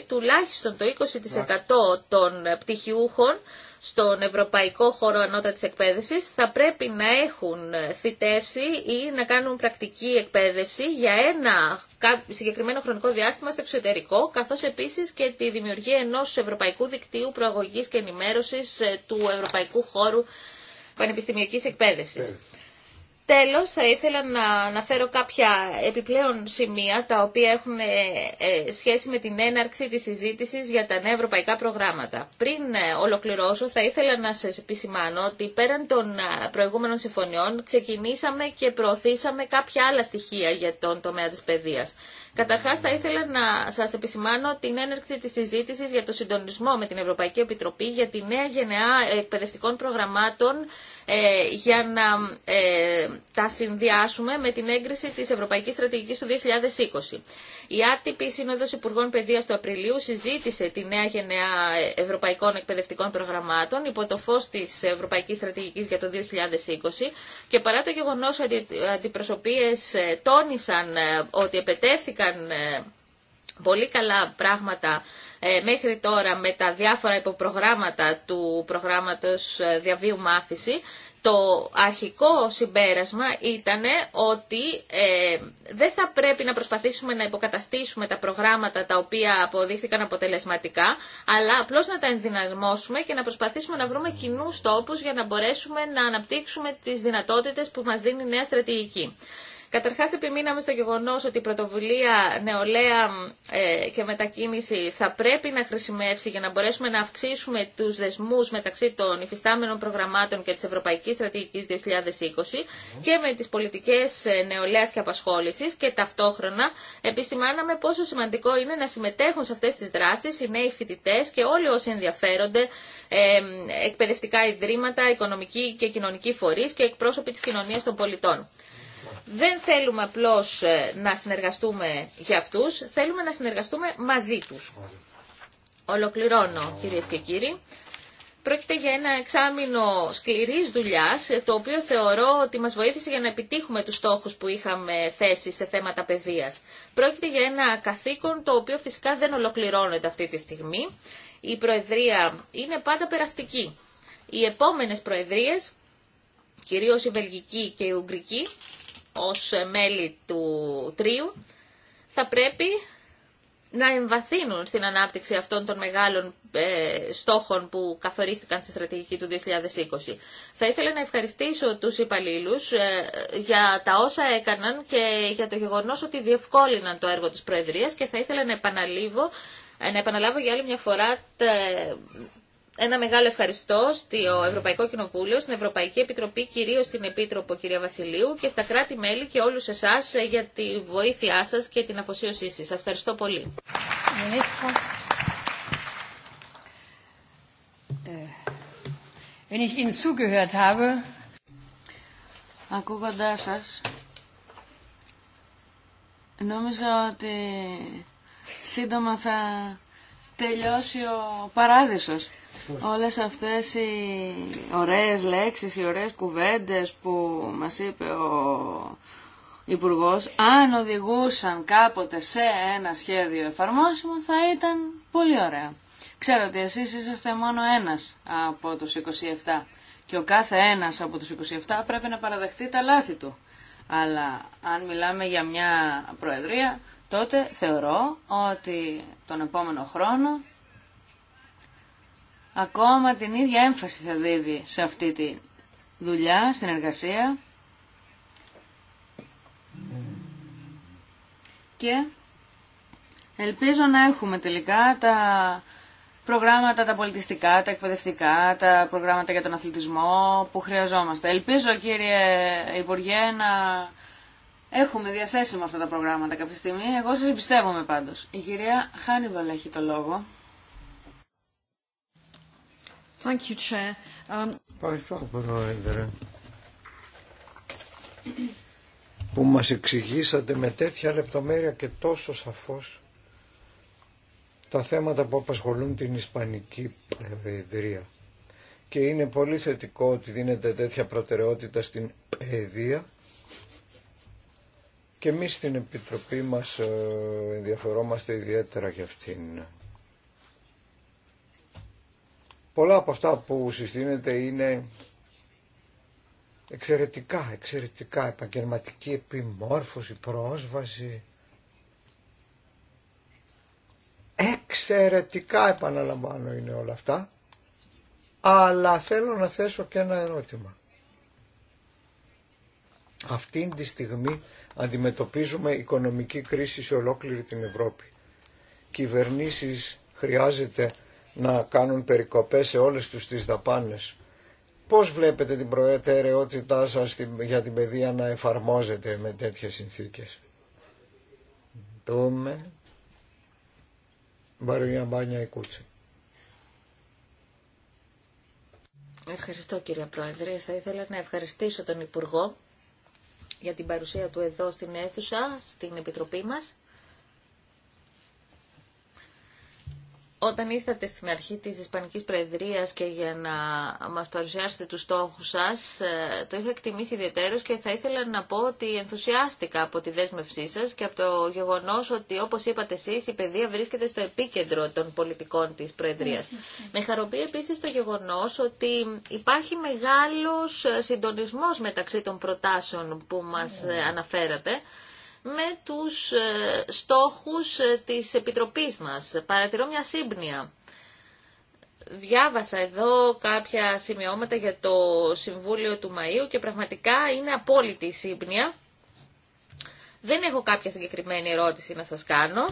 2020 τουλάχιστον το 20% των πτυχιούχων στον Ευρωπαϊκό Χώρο Ανώτατης Εκπαίδευσης θα πρέπει να έχουν θητεύσει ή να κάνουν πρακτική εκπαίδευση για ένα συγκεκριμένο χρονικό διάστημα στο εξωτερικό, καθώς επίσης και τη δημιουργία ενός Ευρωπαϊκού Δικτύου Προαγωγής και Ενημέρωσης ε, του Ευρωπαϊκού Χώρου πανεπιστημιακής εκπαίδευσης. Ναι. Τέλος, θα ήθελα να αναφέρω κάποια επιπλέον σημεία τα οποία έχουν ε, ε, σχέση με την έναρξη της συζήτησης για τα νέα ευρωπαϊκά προγράμματα. Πριν ε, ολοκληρώσω, θα ήθελα να σας επισημάνω ότι πέραν των προηγούμενων συμφωνιών ξεκινήσαμε και προωθήσαμε κάποια άλλα στοιχεία για τον τομέα της παιδείας. Καταρχά, θα ήθελα να σα επισημάνω την έναρξη τη συζήτηση για το συντονισμό με την Ευρωπαϊκή Επιτροπή για τη νέα γενεά εκπαιδευτικών προγραμμάτων ε, για να ε, τα συνδυάσουμε με την έγκριση τη Ευρωπαϊκή Στρατηγική του 2020. Η άτυπη Σύνοδο Υπουργών Παιδεία του Απριλίου συζήτησε τη νέα γενεά ευρωπαϊκών εκπαιδευτικών προγραμμάτων υπό το φως της Ευρωπαϊκής Στρατηγικής για το 2020 και παρά το γεγονό ότι αντιπροσωπείε ε, τόνισαν ότι επετέφθηκαν Υπάρχουν ε, πολύ καλά πράγματα ε, μέχρι τώρα με τα διάφορα υποπρογράμματα του προγράμματος ε, διαβίου μάθηση. Το αρχικό συμπέρασμα ήταν ότι ε, δεν θα πρέπει να προσπαθήσουμε να υποκαταστήσουμε τα προγράμματα τα οποία αποδείχθηκαν αποτελεσματικά, αλλά απλώς να τα ενδυνασμώσουμε και να προσπαθήσουμε να βρούμε κοινού τόπους για να μπορέσουμε να αναπτύξουμε τις δυνατότητες που μας δίνει η νέα στρατηγική. Καταρχά επιμείναμε στο γεγονό ότι η πρωτοβουλία νεολαία ε, και μετακίνηση θα πρέπει να χρησιμεύσει για να μπορέσουμε να αυξήσουμε του δεσμού μεταξύ των υφιστάμενων προγραμμάτων και τη Ευρωπαϊκή Στρατηγική 2020 και με τι πολιτικέ ε, νεολαία και απασχόληση και ταυτόχρονα επισημάναμε πόσο σημαντικό είναι να συμμετέχουν σε αυτέ τι δράσει, οι νέοι φοιτητέ και όλοι όσοι ενδιαφέρονται, ε, εκπαιδευτικά ιδρύματα, οικονομικοί και κοινωνικοί φορεί και εκπρόσωποι τη κοινωνία των πολιτών δεν θέλουμε απλώς ε, να συνεργαστούμε για αυτούς, θέλουμε να συνεργαστούμε μαζί τους. Ολοκληρώνω κυρίες και κύριοι. Πρόκειται για ένα εξάμεινο σκληρής δουλειάς, το οποίο θεωρώ ότι μας βοήθησε για να επιτύχουμε τους στόχους που είχαμε θέσει σε θέματα παιδείας. Πρόκειται για ένα καθήκον το οποίο φυσικά δεν ολοκληρώνεται αυτή τη στιγμή. Η Προεδρία είναι πάντα περαστική. Οι επόμενες Προεδρίες, κυρίως η Βελγική και η Ουγγρική, ως ε, μέλη του τρίου, θα πρέπει να εμβαθύνουν στην ανάπτυξη αυτών των μεγάλων ε, στόχων που καθορίστηκαν στη στρατηγική του 2020. Θα ήθελα να ευχαριστήσω τους υπαλλήλους ε, για τα όσα έκαναν και για το γεγονός ότι διευκόλυναν το έργο της Προεδρίας και θα ήθελα να επαναλάβω, για άλλη μια φορά ένα μεγάλο ευχαριστώ στο Ευρωπαϊκό Κοινοβούλιο, στην Ευρωπαϊκή Επιτροπή, κυρίω στην Επίτροπο κυρία Βασιλείου και στα κράτη-μέλη και όλους εσά για τη βοήθειά σα και την αφοσίωσή σας. Ευχαριστώ πολύ. Ε, Ακούγοντά σα. νόμιζα ότι σύντομα θα τελειώσει ο παράδεισος. Όλες αυτές οι ωραίες λέξεις, οι ωραίες κουβέντες που μας είπε ο υπουργό, αν οδηγούσαν κάποτε σε ένα σχέδιο εφαρμόσιμο θα ήταν πολύ ωραία. Ξέρω ότι εσείς είσαστε μόνο ένας από τους 27 και ο κάθε ένας από τους 27 πρέπει να παραδεχτεί τα λάθη του. Αλλά αν μιλάμε για μια προεδρία, τότε θεωρώ ότι τον επόμενο χρόνο ακόμα την ίδια έμφαση θα δίδει σε αυτή τη δουλειά, στην εργασία. Και ελπίζω να έχουμε τελικά τα προγράμματα τα πολιτιστικά, τα εκπαιδευτικά, τα προγράμματα για τον αθλητισμό που χρειαζόμαστε. Ελπίζω κύριε Υπουργέ να έχουμε διαθέσιμα αυτά τα προγράμματα κάποια στιγμή. Εγώ σας εμπιστεύομαι πάντως. Η κυρία Χάνιβαλ έχει το λόγο. Um, Ευχαριστώ, Πρόεδρε, που μας εξηγήσατε με τέτοια λεπτομέρεια και τόσο σαφώς τα θέματα που απασχολούν την Ισπανική εδρία Και είναι πολύ θετικό ότι δίνεται τέτοια προτεραιότητα στην παιδεία και εμείς στην Επιτροπή μας ε, ενδιαφερόμαστε ιδιαίτερα για αυτήν. Πολλά από αυτά που συστήνεται είναι εξαιρετικά, εξαιρετικά επαγγελματική επιμόρφωση, πρόσβαση. Εξαιρετικά επαναλαμβάνω είναι όλα αυτά, αλλά θέλω να θέσω και ένα ερώτημα. Αυτή τη στιγμή αντιμετωπίζουμε οικονομική κρίση σε ολόκληρη την Ευρώπη. Κυβερνήσεις χρειάζεται να κάνουν περικοπές σε όλες τους τις δαπάνες. Πώς βλέπετε την προτεραιότητά σας για την παιδεία να εφαρμόζεται με τέτοιες συνθήκες. Δούμε. Μπαρούνια Μπάνια Ευχαριστώ κύριε Πρόεδρε. Θα ήθελα να ευχαριστήσω τον Υπουργό για την παρουσία του εδώ στην αίθουσα, στην Επιτροπή μας. Όταν ήρθατε στην αρχή της Ισπανικής Προεδρίας και για να μας παρουσιάσετε τους στόχους σας, ε, το είχα εκτιμήσει ιδιαίτερως και θα ήθελα να πω ότι ενθουσιάστηκα από τη δέσμευσή σας και από το γεγονός ότι, όπως είπατε εσείς, η παιδεία βρίσκεται στο επίκεντρο των πολιτικών της Προεδρίας. Ναι, ναι, ναι. Με χαροποιεί επίσης το γεγονός ότι υπάρχει μεγάλος ε, συντονισμός μεταξύ των προτάσεων που μας ε, αναφέρατε με τους ε, στόχους ε, της Επιτροπής μας. Παρατηρώ μια σύμπνοια. Διάβασα εδώ κάποια σημειώματα για το Συμβούλιο του Μαΐου και πραγματικά είναι απόλυτη η σύμπνοια. Δεν έχω κάποια συγκεκριμένη ερώτηση να σας κάνω.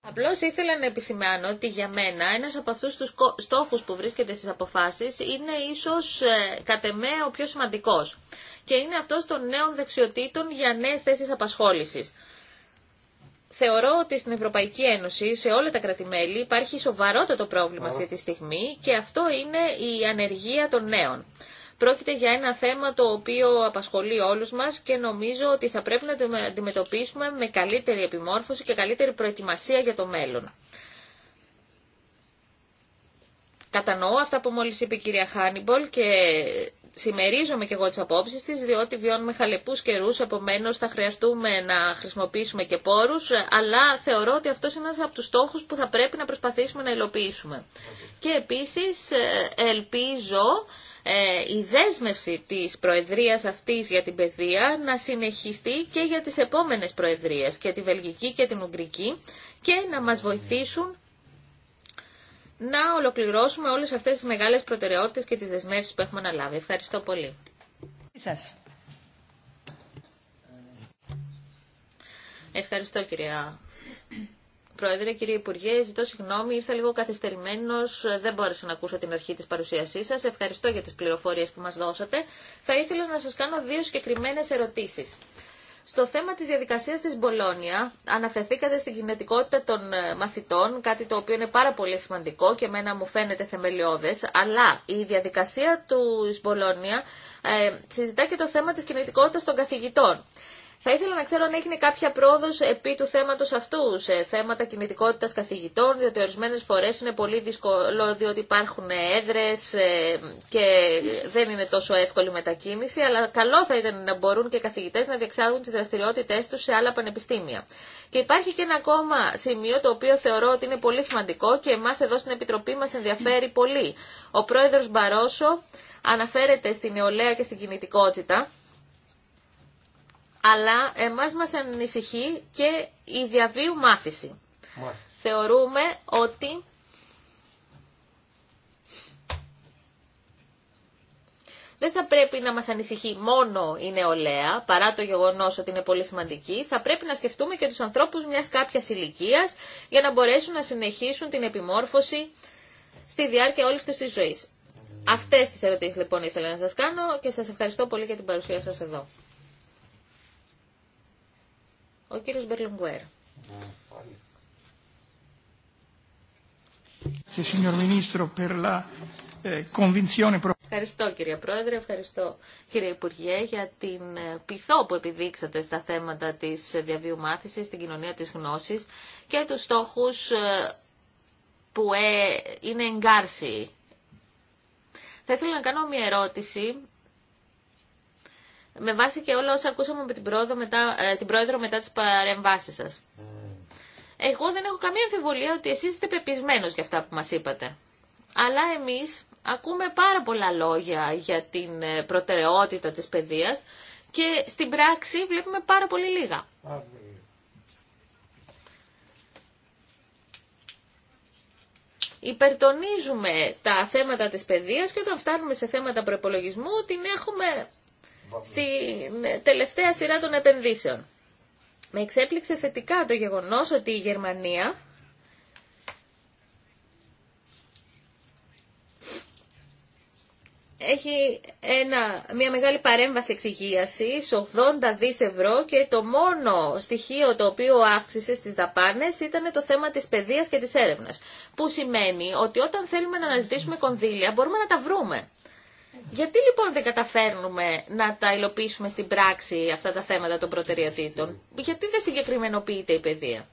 Απλώς ήθελα να επισημάνω ότι για μένα ένας από αυτούς τους στόχους που βρίσκεται στις αποφάσεις είναι ίσως ε, κατ' εμέ ο πιο σημαντικός. Και είναι αυτός των νέων δεξιοτήτων για νέες θέσεις απασχόλησης. Θεωρώ ότι στην Ευρωπαϊκή Ένωση, σε όλα τα κρατημέλη, υπάρχει σοβαρότατο πρόβλημα αυτή τη στιγμή και αυτό είναι η ανεργία των νέων. Πρόκειται για ένα θέμα το οποίο απασχολεί όλους μας και νομίζω ότι θα πρέπει να το αντιμετωπίσουμε με καλύτερη επιμόρφωση και καλύτερη προετοιμασία για το μέλλον. Κατανοώ αυτά που μόλις είπε η κυρία Χάνιμπολ και συμμερίζομαι και εγώ τις απόψεις της, διότι βιώνουμε χαλεπούς καιρούς, επομένως θα χρειαστούμε να χρησιμοποιήσουμε και πόρους, αλλά θεωρώ ότι αυτός είναι ένας από τους στόχους που θα πρέπει να προσπαθήσουμε να υλοποιήσουμε. Και επίσης ε, ελπίζω ε, η δέσμευση της Προεδρίας αυτής για την παιδεία να συνεχιστεί και για τις επόμενες Προεδρίες, και τη Βελγική και την Ουγγρική, και να μας βοηθήσουν να ολοκληρώσουμε όλες αυτές τις μεγάλες προτεραιότητες και τις δεσμεύσεις που έχουμε αναλάβει. Ευχαριστώ πολύ. Σας. Ευχαριστώ κυρία Πρόεδρε, κύριε Υπουργέ, ζητώ συγγνώμη, ήρθα λίγο καθυστερημένο, δεν μπόρεσα να ακούσω την αρχή τη παρουσίασή σα. Ευχαριστώ για τι πληροφορίε που μα δώσατε. Θα ήθελα να σα κάνω δύο συγκεκριμένε ερωτήσει. Στο θέμα της διαδικασίας της Μπολόνια αναφερθήκατε στην κινητικότητα των ε, μαθητών, κάτι το οποίο είναι πάρα πολύ σημαντικό και εμένα μου φαίνεται θεμελιώδες, αλλά η διαδικασία του Μπολόνια ε, συζητά και το θέμα της κινητικότητα των καθηγητών. Θα ήθελα να ξέρω αν έγινε κάποια πρόοδο επί του θέματο αυτού, σε θέματα κινητικότητα καθηγητών, διότι ορισμένε φορέ είναι πολύ δύσκολο, διότι υπάρχουν έδρε ε, και δεν είναι τόσο εύκολη μετακίνηση, αλλά καλό θα ήταν να μπορούν και οι καθηγητέ να διεξάγουν τι δραστηριότητέ του σε άλλα πανεπιστήμια. Και υπάρχει και ένα ακόμα σημείο το οποίο θεωρώ ότι είναι πολύ σημαντικό και εμά εδώ στην Επιτροπή μα ενδιαφέρει πολύ. Ο πρόεδρο Μπαρόσο αναφέρεται στην νεολαία και στην κινητικότητα αλλά εμάς μας ανησυχεί και η διαβίου μάθηση. Θεωρούμε ότι δεν θα πρέπει να μας ανησυχεί μόνο η νεολαία, παρά το γεγονός ότι είναι πολύ σημαντική, θα πρέπει να σκεφτούμε και τους ανθρώπους μιας κάποιας ηλικίας για να μπορέσουν να συνεχίσουν την επιμόρφωση στη διάρκεια όλης της της ζωής. Αυτές τις ερωτήσεις λοιπόν ήθελα να σας κάνω και σας ευχαριστώ πολύ για την παρουσία σας εδώ. Ο κύριος Μπερλουγκουέρ. Eh, ευχαριστώ κύριε Πρόεδρε, ευχαριστώ κύριε Υπουργέ για την ε, πειθό που επιδείξατε στα θέματα της διαβίου μάθησης, στην κοινωνία της γνώσης και τους στόχους ε, που ε, είναι εγκάρσιοι. Θα ήθελα να κάνω μια ερώτηση με βάση και όλα όσα ακούσαμε με την, πρόεδρο μετά, ε, την πρόεδρο μετά τις παρεμβάσεις σας. Εγώ δεν έχω καμία αμφιβολία ότι εσείς είστε πεπισμένος για αυτά που μας είπατε. Αλλά εμείς ακούμε πάρα πολλά λόγια για την ε, προτεραιότητα της παιδείας και στην πράξη βλέπουμε πάρα πολύ λίγα. Υπερτονίζουμε τα θέματα της παιδείας και όταν φτάνουμε σε θέματα προπολογισμού την έχουμε Στη τελευταία σειρά των επενδύσεων. Με εξέπληξε θετικά το γεγονός ότι η Γερμανία έχει ένα, μια μεγάλη παρέμβαση εξυγίασης, 80 δις ευρώ και το μόνο στοιχείο το οποίο αύξησε στις δαπάνες ήταν το θέμα της παιδείας και της έρευνας. Που σημαίνει ότι όταν θέλουμε να αναζητήσουμε κονδύλια μπορούμε να τα βρούμε. Γιατί λοιπόν δεν καταφέρνουμε να τα υλοποιήσουμε στην πράξη αυτά τα θέματα των προτεραιοτήτων. Γιατί δεν συγκεκριμενοποιείται η παιδεία.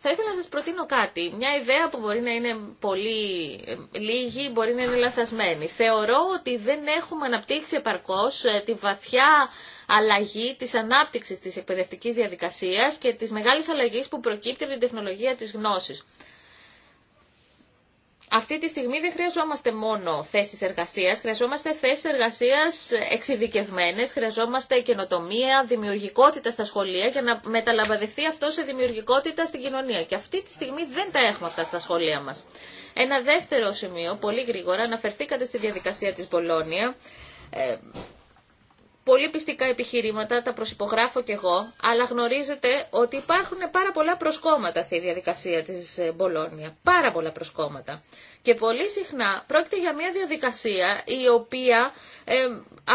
Θα ήθελα να σας προτείνω κάτι. Μια ιδέα που μπορεί να είναι πολύ ε, λίγη, μπορεί να είναι λαθασμένη. Θεωρώ ότι δεν έχουμε αναπτύξει επαρκώς ε, τη βαθιά αλλαγή της ανάπτυξης της εκπαιδευτικής διαδικασίας και της μεγάλης αλλαγής που προκύπτει από την τεχνολογία της γνώσης αυτή τη στιγμή δεν χρειαζόμαστε μόνο θέσεις εργασίας, χρειαζόμαστε θέσεις εργασίας εξειδικευμένες, χρειαζόμαστε καινοτομία, δημιουργικότητα στα σχολεία για να μεταλαμβαδευτεί αυτό σε δημιουργικότητα στην κοινωνία. Και αυτή τη στιγμή δεν τα έχουμε αυτά στα σχολεία μας. Ένα δεύτερο σημείο, πολύ γρήγορα, αναφερθήκατε στη διαδικασία της Μπολόνια. Ε, πολύ πιστικά επιχειρήματα, τα προσυπογράφω κι εγώ, αλλά γνωρίζετε ότι υπάρχουν πάρα πολλά προσκόμματα στη διαδικασία της ε, Μπολόνια. Πάρα πολλά προσκόμματα. Και πολύ συχνά πρόκειται για μια διαδικασία η οποία ε,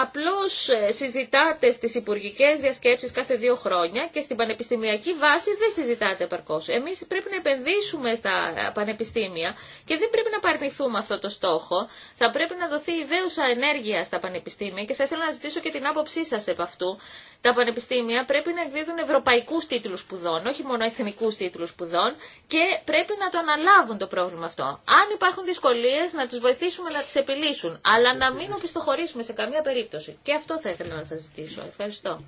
απλώς ε, συζητάται στις υπουργικές διασκέψεις κάθε δύο χρόνια και στην πανεπιστημιακή βάση δεν συζητάται επαρκώς. Εμείς πρέπει να επενδύσουμε στα πανεπιστήμια και δεν πρέπει να παρνηθούμε αυτό το στόχο. Θα πρέπει να δοθεί ιδέουσα ενέργεια στα πανεπιστήμια και θα ήθελα να ζητήσω και την άποψη άποψή σας επ' αυτού. Τα πανεπιστήμια πρέπει να εκδίδουν ευρωπαϊκού τίτλου σπουδών, όχι μόνο εθνικού τίτλου σπουδών και πρέπει να το αναλάβουν το πρόβλημα αυτό. Αν υπάρχουν δυσκολίε, να του βοηθήσουμε να τι επιλύσουν, αλλά να μην οπισθοχωρήσουμε σε καμία περίπτωση. Και αυτό θα ήθελα να σα ζητήσω. Ευχαριστώ.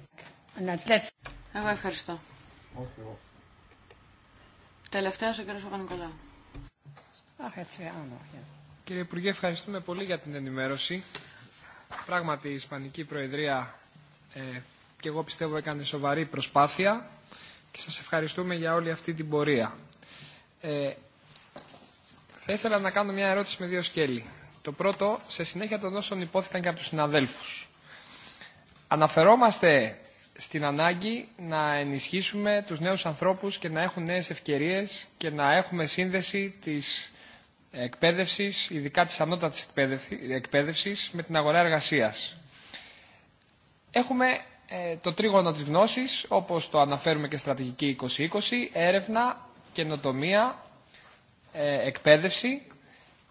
Εγώ ευχαριστώ. Τελευταίο ο κύριο Παπα-Νικολάου. Κύριε Υπουργέ, ευχαριστούμε πολύ για την ενημέρωση. Πράγματι η Ισπανική Προεδρία ε, και εγώ πιστεύω έκανε σοβαρή προσπάθεια και σας ευχαριστούμε για όλη αυτή την πορεία. Ε, θα ήθελα να κάνω μια ερώτηση με δύο σκέλη. Το πρώτο, σε συνέχεια των όσων υπόθηκαν και από τους συναδέλφους. Αναφερόμαστε στην ανάγκη να ενισχύσουμε τους νέους ανθρώπους και να έχουν νέες ευκαιρίες και να έχουμε σύνδεση της εκπαίδευσης, ειδικά της ανώτατης εκπαίδευσης, με την αγορά εργασίας. Έχουμε ε, το τρίγωνο της γνώσης, όπως το αναφέρουμε και στρατηγική 2020, έρευνα, καινοτομία, ε, εκπαίδευση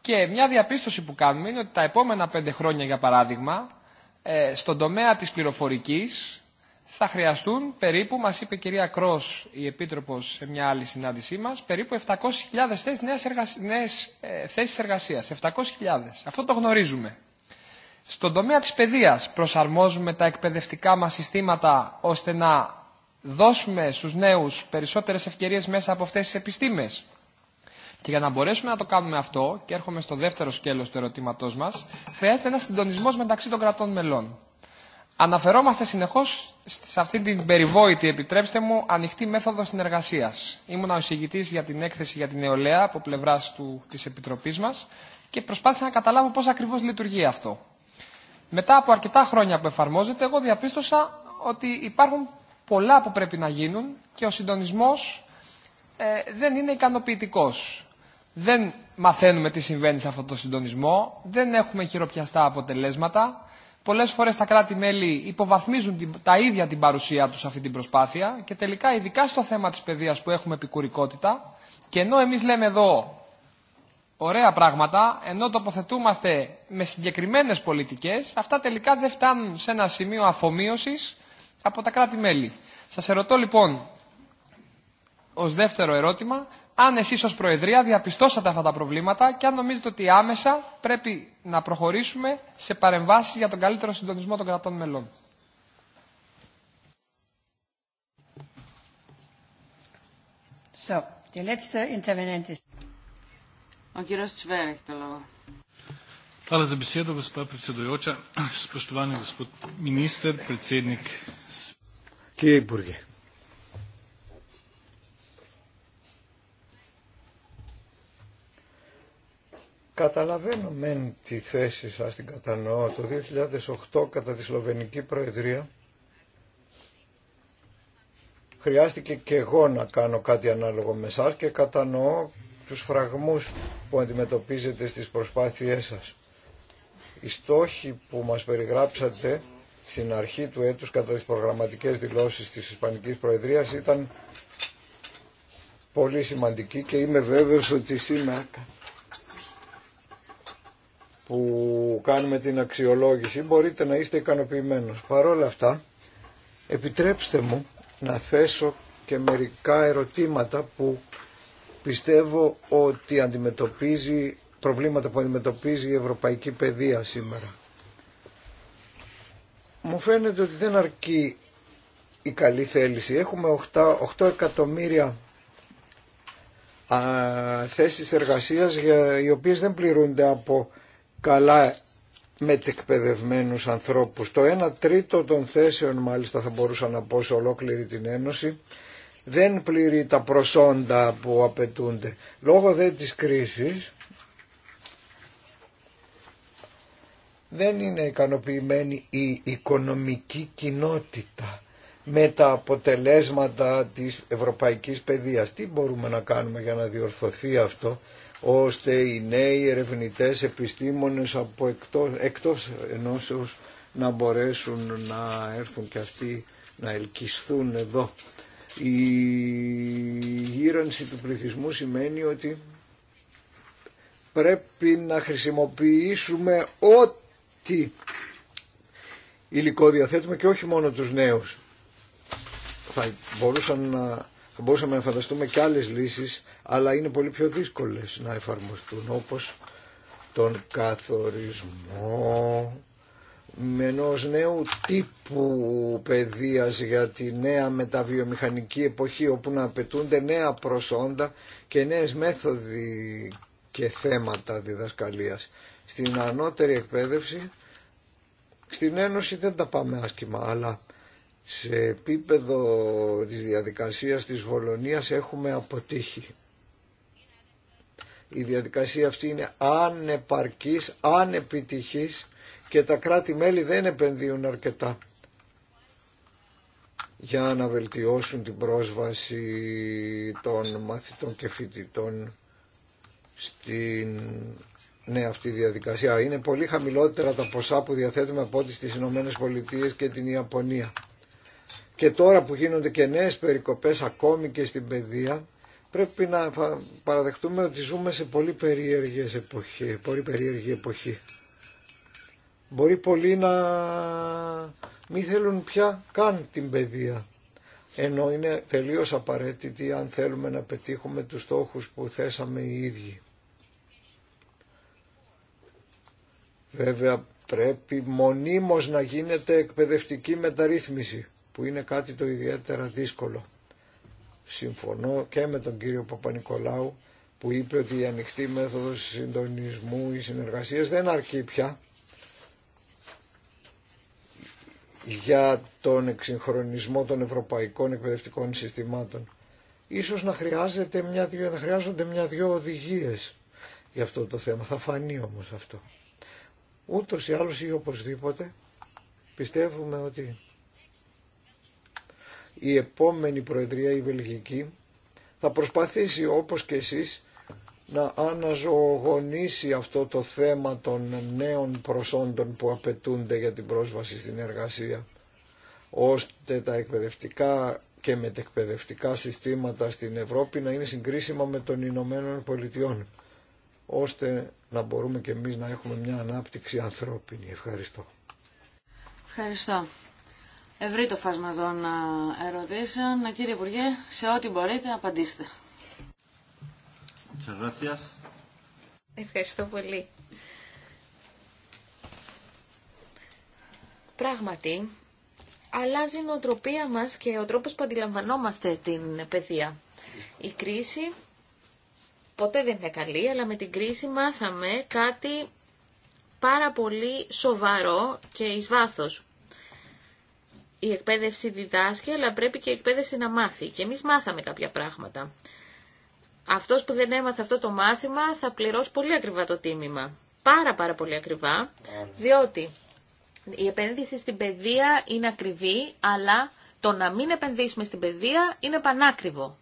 και μια διαπίστωση που κάνουμε είναι ότι τα επόμενα πέντε χρόνια, για παράδειγμα, ε, στον τομέα της πληροφορικής θα χρειαστούν περίπου, μας είπε η κυρία Κρός, η Επίτροπος σε μια άλλη συνάντησή μας, περίπου 700.000 θέσεις, νέες, εργασ... θέσεις εργασίας. 700.000. Αυτό το γνωρίζουμε. Στον τομέα της παιδείας προσαρμόζουμε τα εκπαιδευτικά μας συστήματα ώστε να δώσουμε στους νέους περισσότερες ευκαιρίες μέσα από αυτές τις επιστήμες. Και για να μπορέσουμε να το κάνουμε αυτό, και έρχομαι στο δεύτερο σκέλος του ερωτήματός μας, χρειάζεται ένα συντονισμός μεταξύ των κρατών μελών. Αναφερόμαστε συνεχώ σε αυτή την περιβόητη, επιτρέψτε μου, ανοιχτή μέθοδο συνεργασία. Ήμουν ο για την έκθεση για την νεολαία από πλευρά του, της Επιτροπής μας και προσπάθησα να καταλάβω πώ ακριβώ λειτουργεί αυτό. Μετά από αρκετά χρόνια που εφαρμόζεται, εγώ διαπίστωσα ότι υπάρχουν πολλά που πρέπει να γίνουν και ο συντονισμό ε, δεν είναι ικανοποιητικό. Δεν μαθαίνουμε τι συμβαίνει σε αυτό το συντονισμό, δεν έχουμε χειροπιαστά αποτελέσματα, Πολλές φορές τα κράτη-μέλη υποβαθμίζουν τα ίδια την παρουσία τους σε αυτή την προσπάθεια και τελικά ειδικά στο θέμα της παιδείας που έχουμε επικουρικότητα και ενώ εμείς λέμε εδώ ωραία πράγματα, ενώ τοποθετούμαστε με συγκεκριμένες πολιτικές, αυτά τελικά δεν φτάνουν σε ένα σημείο αφομοίωσης από τα κράτη-μέλη. Σας ερωτώ λοιπόν ως δεύτερο ερώτημα αν εσείς ως Προεδρία διαπιστώσατε αυτά τα προβλήματα και αν νομίζετε ότι άμεσα πρέπει να προχωρήσουμε σε παρεμβάσεις για τον καλύτερο συντονισμό των κρατών μελών. So, the last is... Ο κύριος Τσβέρ έχει το λόγο. Hvala za besedo, gospa predsedujoča. Spoštovani gospod minister, predsednik. Kje je Burge? Καταλαβαίνω μεν τη θέση σας, την κατανοώ. Το 2008 κατά τη Σλοβενική Προεδρία χρειάστηκε και εγώ να κάνω κάτι ανάλογο με εσά και κατανοώ τους φραγμούς που αντιμετωπίζετε στις προσπάθειές σας. Οι στόχοι που μας περιγράψατε στην αρχή του έτους κατά τις προγραμματικές δηλώσεις της Ισπανικής Προεδρίας ήταν πολύ σημαντικοί και είμαι βέβαιος ότι σήμερα που κάνουμε την αξιολόγηση μπορείτε να είστε ικανοποιημένος. όλα αυτά επιτρέψτε μου να θέσω και μερικά ερωτήματα που πιστεύω ότι αντιμετωπίζει προβλήματα που αντιμετωπίζει η ευρωπαϊκή παιδεία σήμερα. Μου φαίνεται ότι δεν αρκεί η καλή θέληση. Έχουμε 8, 8 εκατομμύρια α, θέσεις εργασίας για, οι οποίες δεν πληρούνται από καλά μετεκπαιδευμένους ανθρώπους. Το 1 τρίτο των θέσεων μάλιστα θα μπορούσα να πω σε ολόκληρη την Ένωση δεν πληρεί τα προσόντα που απαιτούνται. Λόγω δε της κρίσης δεν είναι ικανοποιημένη η οικονομική κοινότητα με τα αποτελέσματα της ευρωπαϊκής παιδείας. Τι μπορούμε να κάνουμε για να διορθωθεί αυτό ώστε οι νέοι ερευνητές επιστήμονες από εκτός, εκτός ενώσεως να μπορέσουν να έρθουν και αυτοί να ελκυστούν εδώ. Η γύρανση του πληθυσμού σημαίνει ότι πρέπει να χρησιμοποιήσουμε ό,τι υλικό διαθέτουμε και όχι μόνο τους νέους. Θα μπορούσαν να μπορούσαμε να φανταστούμε και άλλες λύσεις, αλλά είναι πολύ πιο δύσκολες να εφαρμοστούν, όπως τον καθορισμό με ενό νέου τύπου παιδείας για τη νέα μεταβιομηχανική εποχή όπου να απαιτούνται νέα προσόντα και νέες μέθοδοι και θέματα διδασκαλίας. Στην ανώτερη εκπαίδευση, στην Ένωση δεν τα πάμε άσχημα, αλλά σε επίπεδο της διαδικασίας της Βολονίας έχουμε αποτύχει. Η διαδικασία αυτή είναι ανεπαρκής, ανεπιτυχής και τα κράτη-μέλη δεν επενδύουν αρκετά για να βελτιώσουν την πρόσβαση των μαθητών και φοιτητών στην ναι, αυτή η διαδικασία. Είναι πολύ χαμηλότερα τα ποσά που διαθέτουμε από ό,τι στις Ηνωμένε και την Ιαπωνία και τώρα που γίνονται και νέες περικοπές ακόμη και στην παιδεία πρέπει να παραδεχτούμε ότι ζούμε σε πολύ περίεργες εποχή, πολύ περίεργη εποχή. Μπορεί πολλοί να μην θέλουν πια καν την παιδεία ενώ είναι τελείως απαραίτητη αν θέλουμε να πετύχουμε τους στόχους που θέσαμε οι ίδιοι. Βέβαια πρέπει μονίμως να γίνεται εκπαιδευτική μεταρρύθμιση που είναι κάτι το ιδιαίτερα δύσκολο. Συμφωνώ και με τον κύριο Παπα-Νικολάου που είπε ότι η ανοιχτή μέθοδος συντονισμού ή συνεργασίας δεν αρκεί πια για τον εξυγχρονισμό των ευρωπαϊκών εκπαιδευτικών συστημάτων. Ίσως να, χρειάζεται μια, δύο, να χρειάζονται μια-δυο οδηγίες για αυτό το θέμα. Θα φανεί όμως αυτό. Ούτως ή άλλως ή οπωσδήποτε πιστεύουμε ότι η επόμενη Προεδρία, η Βελγική, θα προσπαθήσει όπως και εσείς να αναζωογονήσει αυτό το θέμα των νέων προσόντων που απαιτούνται για την πρόσβαση στην εργασία, ώστε τα εκπαιδευτικά και μετεκπαιδευτικά συστήματα στην Ευρώπη να είναι συγκρίσιμα με των Ηνωμένων Πολιτειών, ώστε να μπορούμε και εμείς να έχουμε μια ανάπτυξη ανθρώπινη. Ευχαριστώ. Ευχαριστώ ευρύ το φάσμα των ε, ερωτήσεων. Ε, κύριε Υπουργέ, σε ό,τι μπορείτε απαντήστε. Ευχαριστώ πολύ. Πράγματι, αλλάζει η νοοτροπία μας και ο τρόπος που αντιλαμβανόμαστε την παιδεία. Η κρίση ποτέ δεν είναι καλή, αλλά με την κρίση μάθαμε κάτι πάρα πολύ σοβαρό και εις βάθος η εκπαίδευση διδάσκει, αλλά πρέπει και η εκπαίδευση να μάθει. Και εμείς μάθαμε κάποια πράγματα. Αυτός που δεν έμαθε αυτό το μάθημα θα πληρώσει πολύ ακριβά το τίμημα. Πάρα πάρα πολύ ακριβά, διότι η επένδυση στην παιδεία είναι ακριβή, αλλά το να μην επενδύσουμε στην παιδεία είναι πανάκριβο.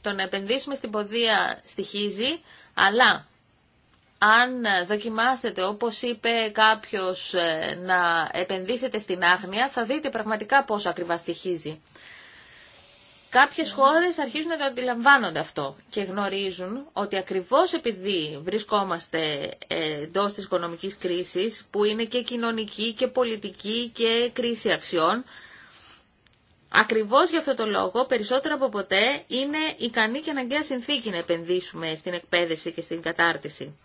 Το να επενδύσουμε στην ποδία στοιχίζει, αλλά αν δοκιμάσετε, όπως είπε κάποιος, ε, να επενδύσετε στην άγνοια, θα δείτε πραγματικά πόσο ακριβά στοιχίζει. Κάποιες χώρες αρχίζουν να το αντιλαμβάνονται αυτό και γνωρίζουν ότι ακριβώς επειδή βρισκόμαστε ε, εντό της οικονομικής κρίσης, που είναι και κοινωνική και πολιτική και κρίση αξιών, Ακριβώς για αυτό το λόγο, περισσότερο από ποτέ, είναι ικανή και αναγκαία συνθήκη να επενδύσουμε στην εκπαίδευση και στην κατάρτιση.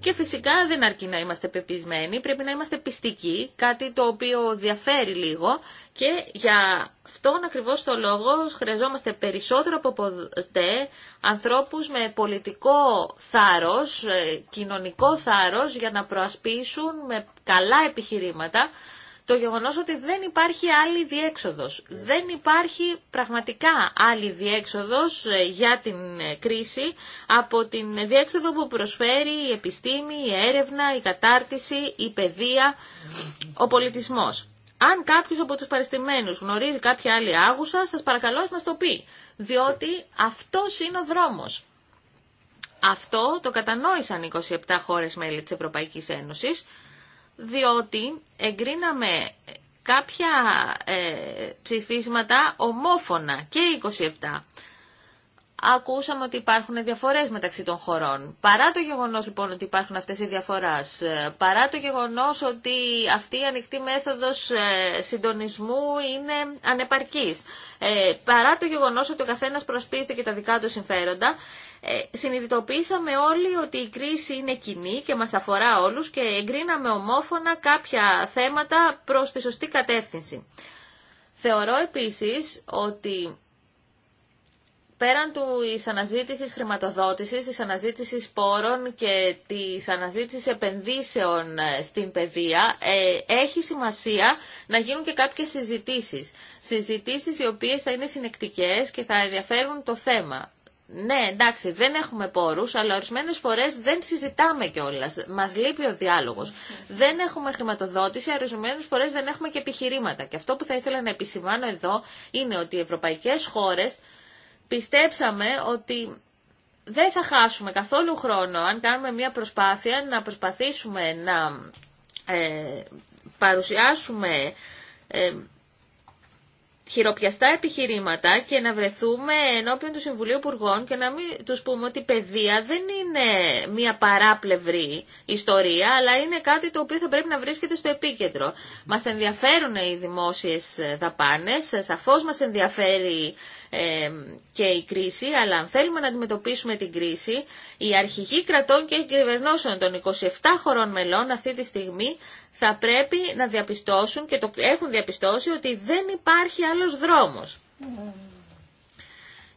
Και φυσικά δεν αρκεί να είμαστε πεπισμένοι, πρέπει να είμαστε πιστικοί, κάτι το οποίο διαφέρει λίγο και για αυτόν ακριβώς το λόγο χρειαζόμαστε περισσότερο από ποτέ ανθρώπους με πολιτικό θάρρος, ε, κοινωνικό θάρρος για να προασπίσουν με καλά επιχειρήματα το γεγονός ότι δεν υπάρχει άλλη διέξοδος. Δεν υπάρχει πραγματικά άλλη διέξοδος ε, για την ε, κρίση από την διέξοδο που προσφέρει η επιστήμη, η έρευνα, η κατάρτιση, η παιδεία, ο πολιτισμός. Αν κάποιος από τους παριστημένους γνωρίζει κάποια άλλη άγουσα, σας παρακαλώ να το πει. Διότι αυτός είναι ο δρόμος. Αυτό το κατανόησαν 27 χώρες μέλη της Ευρωπαϊκής Ένωσης διότι εγκρίναμε κάποια ε, ψηφίσματα ομόφωνα και 27. Ακούσαμε ότι υπάρχουν διαφορές μεταξύ των χωρών. Παρά το γεγονός λοιπόν ότι υπάρχουν αυτές οι διαφορές, ε, παρά το γεγονός ότι αυτή η ανοιχτή μέθοδος ε, συντονισμού είναι ανεπαρκής, παρά το γεγονός ότι ο καθένας προσπίζεται και τα δικά του συμφέροντα, ε, συνειδητοποίησαμε όλοι ότι η κρίση είναι κοινή και μας αφορά όλους και εγκρίναμε ομόφωνα κάποια θέματα προς τη σωστή κατεύθυνση. Θεωρώ επίσης ότι πέραν του της αναζήτησης χρηματοδότησης, της αναζήτησης πόρων και της αναζήτησης επενδύσεων ε, στην παιδεία, ε, έχει σημασία να γίνουν και κάποιες συζητήσεις. Συζητήσεις οι οποίες θα είναι συνεκτικές και θα ενδιαφέρουν το θέμα ναι, εντάξει, δεν έχουμε πόρους, αλλά ορισμένες φορές δεν συζητάμε κιόλα. Μας λείπει ο διάλογος. Δεν έχουμε χρηματοδότηση, ορισμένες φορές δεν έχουμε και επιχειρήματα. Και αυτό που θα ήθελα να επισημάνω εδώ είναι ότι οι ευρωπαϊκές χώρες πιστέψαμε ότι δεν θα χάσουμε καθόλου χρόνο αν κάνουμε μια προσπάθεια να προσπαθήσουμε να ε, παρουσιάσουμε... Ε, χειροπιαστά επιχειρήματα και να βρεθούμε ενώπιον του Συμβουλίου Υπουργών και να μην τους πούμε ότι η παιδεία δεν είναι μια παράπλευρη ιστορία, αλλά είναι κάτι το οποίο θα πρέπει να βρίσκεται στο επίκεντρο. Μας ενδιαφέρουν οι δημόσιες δαπάνες, σαφώς μας ενδιαφέρει και η κρίση, αλλά αν θέλουμε να αντιμετωπίσουμε την κρίση, οι αρχηγοί κρατών και κυβερνώσεων των 27 χωρών μελών αυτή τη στιγμή θα πρέπει να διαπιστώσουν και το έχουν διαπιστώσει ότι δεν υπάρχει άλλος δρόμος.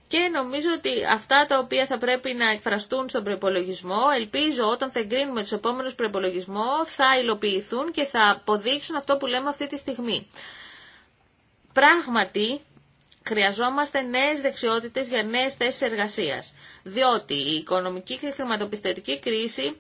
Και νομίζω ότι αυτά τα οποία θα πρέπει να εκφραστούν στον προπολογισμό, ελπίζω όταν θα εγκρίνουμε του επόμενου προπολογισμού, θα υλοποιηθούν και θα αποδείξουν αυτό που λέμε αυτή τη στιγμή. Πράγματι, Χρειαζόμαστε νέες δεξιότητες για νέες θέσεις εργασίας, διότι η οικονομική και χρηματοπιστωτική κρίση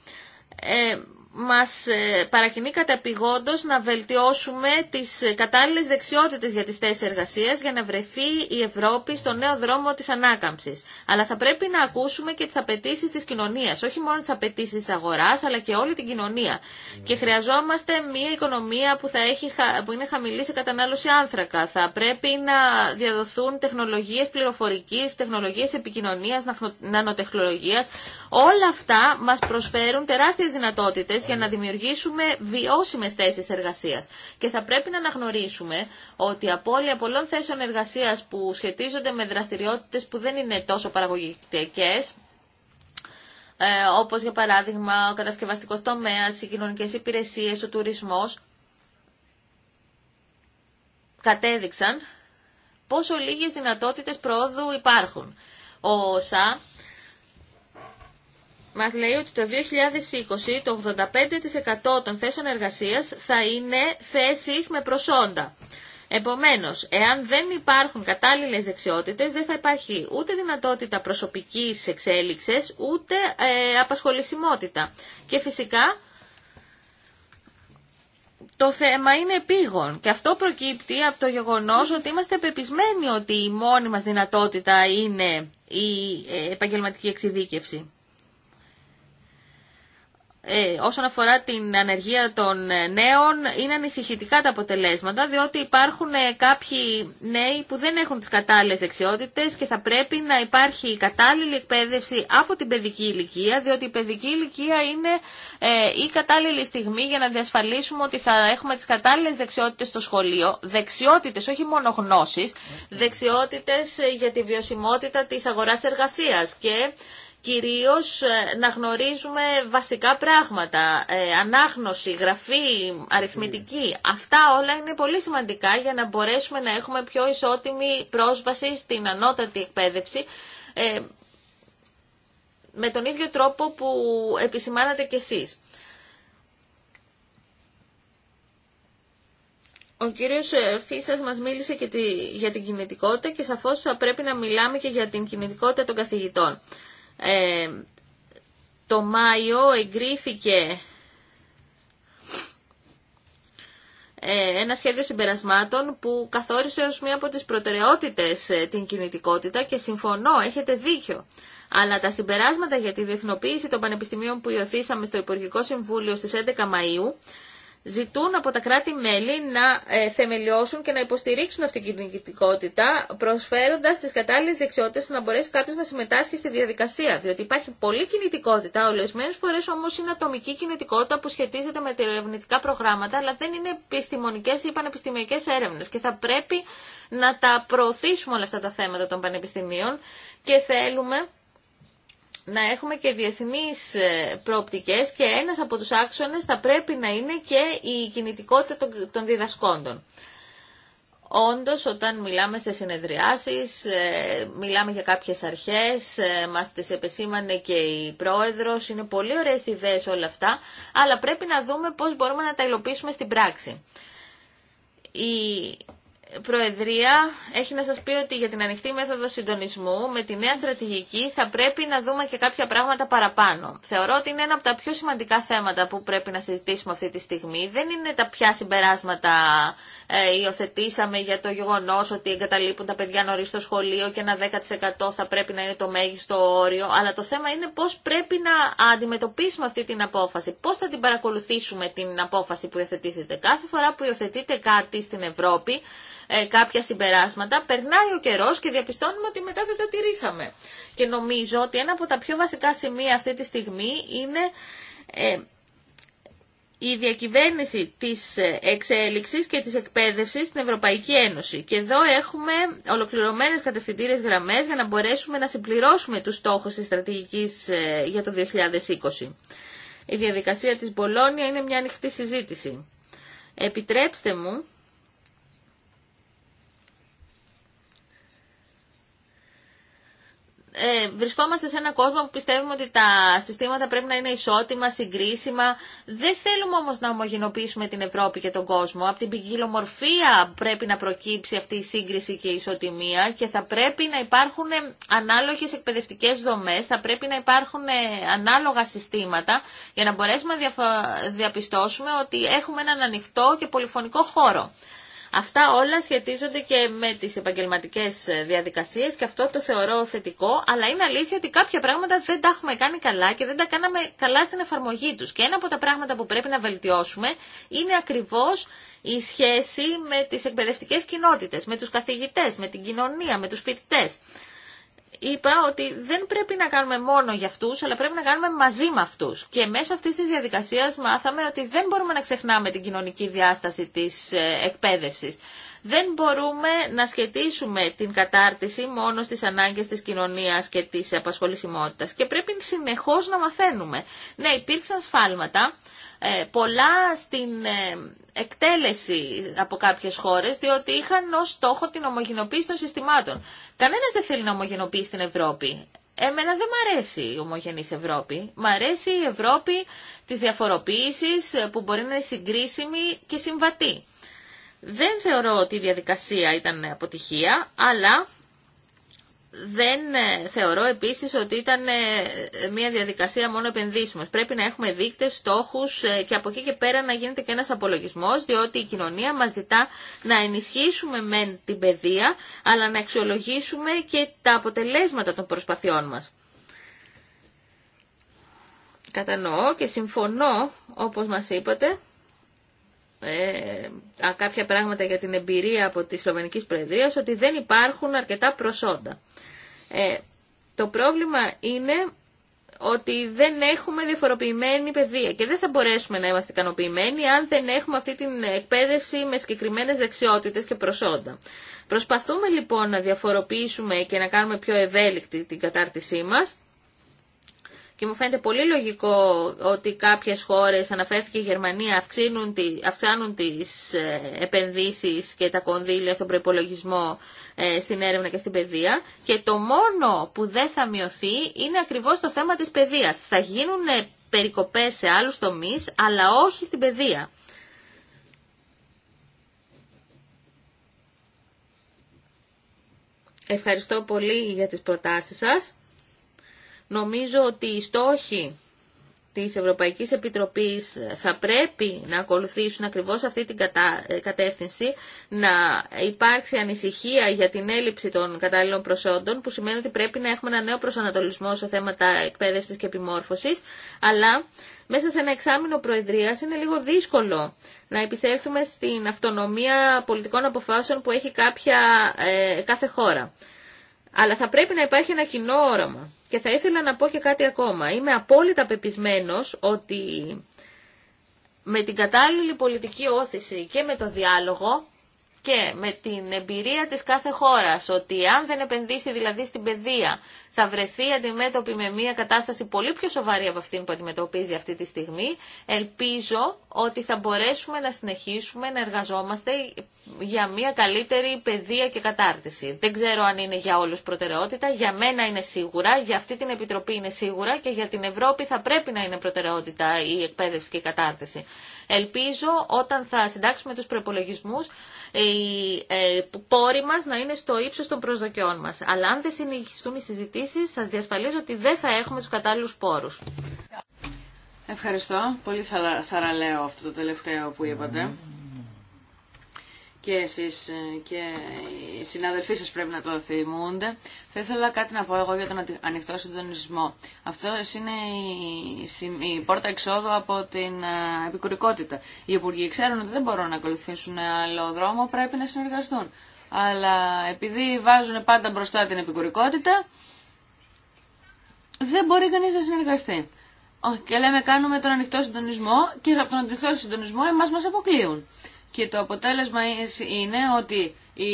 ε, μας ε, παρακινεί καταπηγόντως να βελτιώσουμε τις ε, κατάλληλες δεξιότητες για τις τέσσερις εργασίες για να βρεθεί η Ευρώπη στο νέο δρόμο της ανάκαμψης. Αλλά θα πρέπει να ακούσουμε και τις απαιτήσει της κοινωνίας, όχι μόνο τις απαιτήσει της αγοράς, αλλά και όλη την κοινωνία. Ναι. Και χρειαζόμαστε μια οικονομία που, θα έχει, που είναι χαμηλή σε κατανάλωση άνθρακα. Θα πρέπει να διαδοθούν τεχνολογίες πληροφορικής, τεχνολογίες επικοινωνίας, νανοτεχνολογίας. Όλα αυτά μας προσφέρουν τεράστιες δυνατότητες για να δημιουργήσουμε βιώσιμες θέσεις εργασίας. Και θα πρέπει να αναγνωρίσουμε ότι η απώλεια πολλών θέσεων εργασίας που σχετίζονται με δραστηριότητες που δεν είναι τόσο παραγωγικές, ε, όπως για παράδειγμα ο κατασκευαστικός τομέας, οι κοινωνικέ υπηρεσίες, ο τουρισμός, κατέδειξαν πόσο λίγες δυνατότητες προόδου υπάρχουν. Ο μας λέει ότι το 2020 το 85% των θέσεων εργασίας θα είναι θέσεις με προσόντα. Επομένως, εάν δεν υπάρχουν κατάλληλες δεξιότητες, δεν θα υπάρχει ούτε δυνατότητα προσωπικής εξέλιξης, ούτε ε, απασχολησιμότητα. Και φυσικά, το θέμα είναι επίγον και αυτό προκύπτει από το γεγονός ότι είμαστε πεπισμένοι ότι η μόνη μας δυνατότητα είναι η ε, επαγγελματική εξειδίκευση ε, όσον αφορά την ανεργία των ε, νέων είναι ανησυχητικά τα αποτελέσματα διότι υπάρχουν ε, κάποιοι νέοι που δεν έχουν τις κατάλληλες δεξιότητες και θα πρέπει να υπάρχει η κατάλληλη εκπαίδευση από την παιδική ηλικία διότι η παιδική ηλικία είναι ε, η κατάλληλη στιγμή για να διασφαλίσουμε ότι θα έχουμε τις κατάλληλες δεξιότητες στο σχολείο δεξιότητες, όχι μόνο γνώσεις δεξιότητες ε, για τη βιωσιμότητα της αγοράς εργασίας και κυρίως ε, να γνωρίζουμε βασικά πράγματα, ε, ανάγνωση, γραφή, αριθμητική. Αυτά όλα είναι πολύ σημαντικά για να μπορέσουμε να έχουμε πιο ισότιμη πρόσβαση στην ανώτατη εκπαίδευση ε, με τον ίδιο τρόπο που επισημάνατε κι εσείς. Ο κύριος Φίσας μας μίλησε για την κινητικότητα και σαφώς θα πρέπει να μιλάμε και για την κινητικότητα των καθηγητών. Ε, το Μάιο εγκρίθηκε ε, ένα σχέδιο συμπερασμάτων που καθόρισε ως μία από τις προτεραιότητες ε, την κινητικότητα και συμφωνώ, έχετε δίκιο. Αλλά τα συμπεράσματα για τη διεθνοποίηση των πανεπιστημίων που υιοθήσαμε στο Υπουργικό Συμβούλιο στις 11 Μαΐου ζητούν από τα κράτη-μέλη να ε, θεμελιώσουν και να υποστηρίξουν αυτή την κινητικότητα, προσφέροντας τις κατάλληλες δεξιότητες να μπορέσει κάποιος να συμμετάσχει στη διαδικασία. Διότι υπάρχει πολλή κινητικότητα, ορισμένες φορές όμως είναι ατομική κινητικότητα που σχετίζεται με τα ερευνητικά προγράμματα, αλλά δεν είναι επιστημονικές ή πανεπιστημιακές έρευνες και θα πρέπει να τα προωθήσουμε όλα αυτά τα θέματα των πανεπιστημίων και θέλουμε να έχουμε και διεθνείς ε, προοπτικές και ένας από τους άξονες θα πρέπει να είναι και η κινητικότητα των διδασκόντων. Όντως, όταν μιλάμε σε συνεδριάσεις, ε, μιλάμε για κάποιες αρχές, ε, μας τις επεσήμανε και η πρόεδρος, είναι πολύ ωραίες ιδέες όλα αυτά, αλλά πρέπει να δούμε πώς μπορούμε να τα υλοποιήσουμε στην πράξη. Προεδρία έχει να σας πει ότι για την ανοιχτή μέθοδο συντονισμού με τη νέα στρατηγική θα πρέπει να δούμε και κάποια πράγματα παραπάνω. Θεωρώ ότι είναι ένα από τα πιο σημαντικά θέματα που πρέπει να συζητήσουμε αυτή τη στιγμή. Δεν είναι τα ποια συμπεράσματα ε, υιοθετήσαμε για το γεγονός ότι εγκαταλείπουν τα παιδιά νωρίς στο σχολείο και ένα 10% θα πρέπει να είναι το μέγιστο όριο. Αλλά το θέμα είναι πώς πρέπει να αντιμετωπίσουμε αυτή την απόφαση. Πώς θα την παρακολουθήσουμε την απόφαση που υιοθετήθηκε. Κάθε φορά που υιοθετείται κάτι στην Ευρώπη, ε, κάποια συμπεράσματα, περνάει ο καιρό και διαπιστώνουμε ότι μετά δεν τα τηρήσαμε. Και νομίζω ότι ένα από τα πιο βασικά σημεία αυτή τη στιγμή είναι ε, η διακυβέρνηση της ε, εξέλιξης και της εκπαίδευσης στην Ευρωπαϊκή Ένωση. Και εδώ έχουμε ολοκληρωμένες κατευθυντήριες γραμμές για να μπορέσουμε να συμπληρώσουμε τους στόχους της στρατηγικής για το 2020. Η διαδικασία της Μπολόνια είναι μια ανοιχτή συζήτηση. Επιτρέψτε μου ε, βρισκόμαστε σε ένα κόσμο που πιστεύουμε ότι τα συστήματα πρέπει να είναι ισότιμα, συγκρίσιμα. Δεν θέλουμε όμως να ομογενοποιήσουμε την Ευρώπη και τον κόσμο. Από την ποικιλομορφία πρέπει να προκύψει αυτή η σύγκριση και η ισοτιμία και θα πρέπει να υπάρχουν ανάλογες εκπαιδευτικές δομές, θα πρέπει να υπάρχουν ε, ανάλογα συστήματα για να μπορέσουμε να διαπιστώσουμε ότι έχουμε έναν ανοιχτό και πολυφωνικό χώρο. Αυτά όλα σχετίζονται και με τις επαγγελματικές διαδικασίες και αυτό το θεωρώ θετικό, αλλά είναι αλήθεια ότι κάποια πράγματα δεν τα έχουμε κάνει καλά και δεν τα κάναμε καλά στην εφαρμογή τους. Και ένα από τα πράγματα που πρέπει να βελτιώσουμε είναι ακριβώς η σχέση με τις εκπαιδευτικέ κοινότητες, με τους καθηγητέ, με την κοινωνία, με του φοιτητέ είπα ότι δεν πρέπει να κάνουμε μόνο για αυτούς, αλλά πρέπει να κάνουμε μαζί με αυτούς. Και μέσω αυτής της διαδικασίας μάθαμε ότι δεν μπορούμε να ξεχνάμε την κοινωνική διάσταση της ε, εκπαίδευσης. Δεν μπορούμε να σχετίσουμε την κατάρτιση μόνο στις ανάγκες της κοινωνίας και της απασχολησιμότητας. Και πρέπει συνεχώς να μαθαίνουμε. Ναι, υπήρξαν σφάλματα, ε, πολλά στην ε, εκτέλεση από κάποιες χώρες, διότι είχαν ως στόχο την ομογενοποίηση των συστημάτων. Κανένας δεν θέλει να ομογενοποιήσει την Ευρώπη. Εμένα δεν μ' αρέσει η ομογενής Ευρώπη. Μ' αρέσει η Ευρώπη της διαφοροποίησης ε, που μπορεί να είναι συγκρίσιμη και συμβατή. Δεν θεωρώ ότι η διαδικασία ήταν αποτυχία, αλλά δεν ε, θεωρώ επίσης ότι ήταν ε, μια διαδικασία μόνο επενδύσιμος. Πρέπει να έχουμε δείκτες, στόχους ε, και από εκεί και πέρα να γίνεται και ένας απολογισμός, διότι η κοινωνία μας ζητά να ενισχύσουμε μεν την παιδεία, αλλά να αξιολογήσουμε και τα αποτελέσματα των προσπαθειών μας. Κατανοώ και συμφωνώ, όπως μας είπατε, ε, κάποια πράγματα για την εμπειρία από τη Σλοβενική Προεδρία ότι δεν υπάρχουν αρκετά προσόντα. Ε, το πρόβλημα είναι ότι δεν έχουμε διαφοροποιημένη παιδεία και δεν θα μπορέσουμε να είμαστε ικανοποιημένοι αν δεν έχουμε αυτή την εκπαίδευση με συγκεκριμένες δεξιότητες και προσόντα. Προσπαθούμε λοιπόν να διαφοροποιήσουμε και να κάνουμε πιο ευέλικτη την κατάρτισή μας και μου φαίνεται πολύ λογικό ότι κάποιες χώρες, αναφέρθηκε η Γερμανία, αυξάνουν, τι, αυξάνουν τις ε, επενδύσεις και τα κονδύλια στον προπολογισμό ε, στην έρευνα και στην παιδεία και το μόνο που δεν θα μειωθεί είναι ακριβώς το θέμα της παιδείας. Θα γίνουν ε, περικοπές σε άλλους τομείς, αλλά όχι στην παιδεία. Ευχαριστώ πολύ για τις προτάσεις σας. Νομίζω ότι οι στόχοι της Ευρωπαϊκής Επιτροπής θα πρέπει να ακολουθήσουν ακριβώς αυτή την ε, κατεύθυνση, να υπάρξει ανησυχία για την έλλειψη των κατάλληλων προσόντων, που σημαίνει ότι πρέπει να έχουμε ένα νέο προσανατολισμό σε θέματα εκπαίδευσης και επιμόρφωσης, αλλά μέσα σε ένα εξάμεινο προεδρίας είναι λίγο δύσκολο να επισέλθουμε στην αυτονομία πολιτικών αποφάσεων που έχει ε, κάθε χώρα. Αλλά θα πρέπει να υπάρχει ένα κοινό όραμα. Και θα ήθελα να πω και κάτι ακόμα. Είμαι απόλυτα πεπισμένος ότι με την κατάλληλη πολιτική όθηση και με το διάλογο και με την εμπειρία της κάθε χώρας ότι αν δεν επενδύσει δηλαδή στην παιδεία θα βρεθεί αντιμέτωπη με μια κατάσταση πολύ πιο σοβαρή από αυτήν που αντιμετωπίζει αυτή τη στιγμή ελπίζω ότι θα μπορέσουμε να συνεχίσουμε να εργαζόμαστε για μια καλύτερη παιδεία και κατάρτιση. Δεν ξέρω αν είναι για όλους προτεραιότητα, για μένα είναι σίγουρα, για αυτή την Επιτροπή είναι σίγουρα και για την Ευρώπη θα πρέπει να είναι προτεραιότητα η εκπαίδευση και η κατάρτιση. Ελπίζω όταν θα συντάξουμε τους προπολογισμού ε, οι ε, πόροι μας να είναι στο ύψος των προσδοκιών μας. Αλλά αν δεν συνεχιστούν οι συζητήσεις, σας διασφαλίζω ότι δεν θα έχουμε τους κατάλληλους πόρους. Ευχαριστώ. Πολύ θαραλέω αυτό το τελευταίο που είπατε και εσείς ε, και οι συναδελφοί σας πρέπει να το θυμούνται. Θα ήθελα κάτι να πω εγώ για τον ανοιχτό συντονισμό. Αυτό είναι η, πόρτα εξόδου από την ε, επικουρικότητα. Οι υπουργοί ξέρουν ότι δεν μπορούν να ακολουθήσουν άλλο δρόμο, πρέπει να συνεργαστούν. Αλλά επειδή βάζουν πάντα μπροστά την επικουρικότητα, δεν μπορεί κανείς να συνεργαστεί. Και λέμε κάνουμε τον ανοιχτό συντονισμό και από τον ανοιχτό συντονισμό εμάς μας αποκλείουν. Και το αποτέλεσμα είναι ότι οι,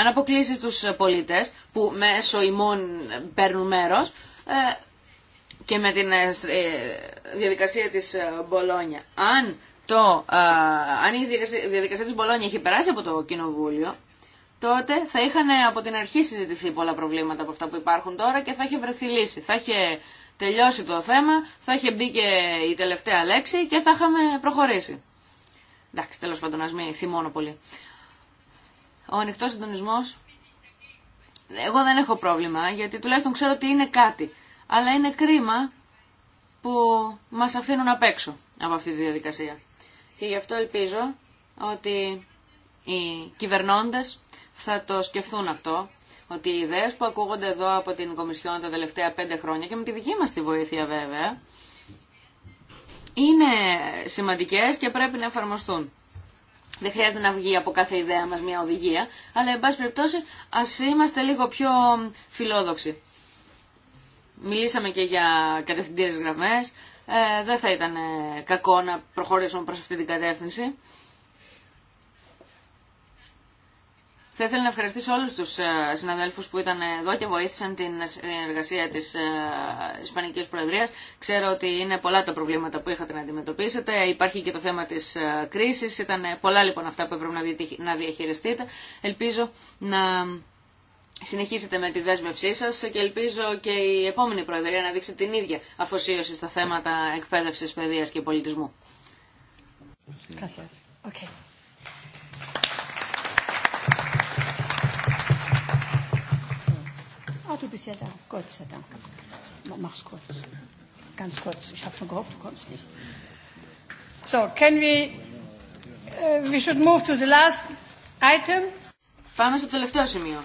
αν αποκλείσει τους πολίτες που μέσω ημών παίρνουν μέρο ε, και με την ε, ε, διαδικασία της Μπολόνια, αν, το, αν η διαδικασία της Μπολόνια έχει περάσει από το Κοινοβούλιο, τότε θα είχαν από την αρχή συζητηθεί πολλά προβλήματα από αυτά που υπάρχουν τώρα και θα είχε βρεθεί λύση. Θα είχε τελειώσει το θέμα, θα είχε μπει και η τελευταία λέξη και θα είχαμε προχωρήσει. Εντάξει, τέλο πάντων, α μην θυμώνω πολύ. Ο ανοιχτό συντονισμό. Εγώ δεν έχω πρόβλημα, γιατί τουλάχιστον ξέρω ότι είναι κάτι. Αλλά είναι κρίμα που μα αφήνουν απ' έξω από αυτή τη διαδικασία. Και γι' αυτό ελπίζω ότι οι κυβερνώντε θα το σκεφτούν αυτό, ότι οι ιδέες που ακούγονται εδώ από την Κομισιόν τα τελευταία πέντε χρόνια και με τη δική μα τη βοήθεια βέβαια, είναι σημαντικές και πρέπει να εφαρμοστούν. Δεν χρειάζεται να βγει από κάθε ιδέα μας μια οδηγία, αλλά εν πάση περιπτώσει ας είμαστε λίγο πιο φιλόδοξοι. Μιλήσαμε και για κατευθυντήρες γραμμές, ε, δεν θα ήταν ε, κακό να προχωρήσουμε προς αυτή την κατεύθυνση. Θα ήθελα να ευχαριστήσω όλους τους ε, συναδέλφους που ήταν εδώ και βοήθησαν την συνεργασία της ε, Ισπανικής Προεδρίας. Ξέρω ότι είναι πολλά τα προβλήματα που είχατε να αντιμετωπίσετε. Υπάρχει και το θέμα της ε, κρίσης. Ήταν πολλά λοιπόν αυτά που έπρεπε να διαχειριστείτε. Ελπίζω να συνεχίσετε με τη δέσμευσή σας και ελπίζω και η επόμενη Προεδρία να δείξει την ίδια αφοσίωση στα θέματα εκπαίδευσης, παιδείας και πολιτισμού. Okay. Ah, du bist ja da. Gott sei Dank. Mach's kurz. Ganz kurz. Ich habe schon gehofft, du kommst nicht. So, can we... Uh, we should move to the last item. Πάμε στο τελευταίο σημείο.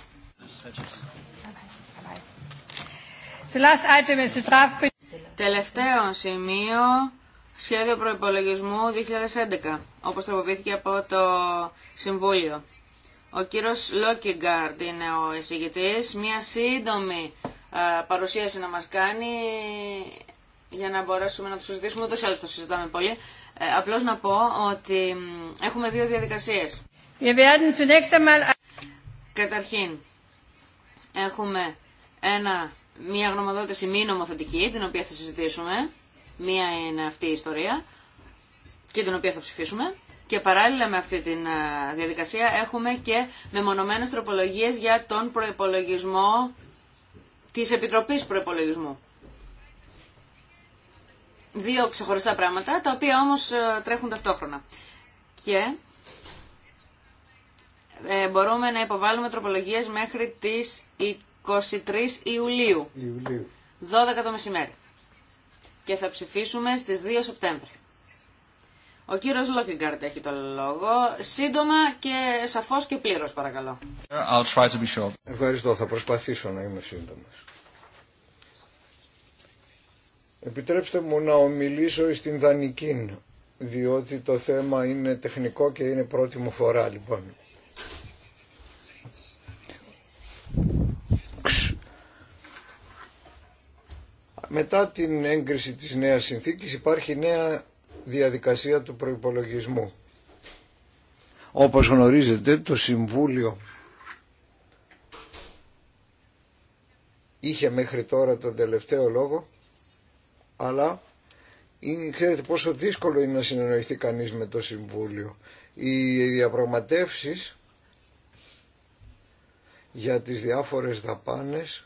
The last item is the draft... Τελευταίο σημείο, σχέδιο προϋπολογισμού 2011, όπως τροποποιήθηκε από το Συμβούλιο. Ο κύριος Λόκιγκάρντ είναι ο εισηγητής. Μία σύντομη παρουσίαση να μας κάνει για να μπορέσουμε να το συζητήσουμε. Ούτως άλλως το συζητάμε πολύ. Ε, απλώς να πω ότι έχουμε δύο διαδικασίες. Καταρχήν, έχουμε ένα, μία γνωμοδότηση μη νομοθετική, την οποία θα συζητήσουμε. Μία είναι αυτή η ιστορία και την οποία θα ψηφίσουμε. Και παράλληλα με αυτή τη διαδικασία έχουμε και μεμονωμένες τροπολογίες για τον προϋπολογισμό της Επιτροπής προεπολογισμού Δύο ξεχωριστά πράγματα, τα οποία όμως τρέχουν ταυτόχρονα. Και ε, μπορούμε να υποβάλουμε τροπολογίες μέχρι τις 23 Ιουλίου. Ιουλίου. 12 το μεσημέρι. Και θα ψηφίσουμε στις 2 Σεπτέμβρη. Ο κύριος Λόκιγκαρτ έχει το λόγο. Σύντομα και σαφώς και πλήρως παρακαλώ. I'll try to be Ευχαριστώ, θα προσπαθήσω να είμαι σύντομος. Επιτρέψτε μου να ομιλήσω στην Δανική, διότι το θέμα είναι τεχνικό και είναι πρώτη μου φορά λοιπόν. Μετά την έγκριση της νέας συνθήκης υπάρχει νέα διαδικασία του προϋπολογισμού. Όπως γνωρίζετε το Συμβούλιο είχε μέχρι τώρα τον τελευταίο λόγο αλλά είναι, ξέρετε πόσο δύσκολο είναι να συνεννοηθεί κανείς με το Συμβούλιο. Οι διαπραγματεύσεις για τις διάφορες δαπάνες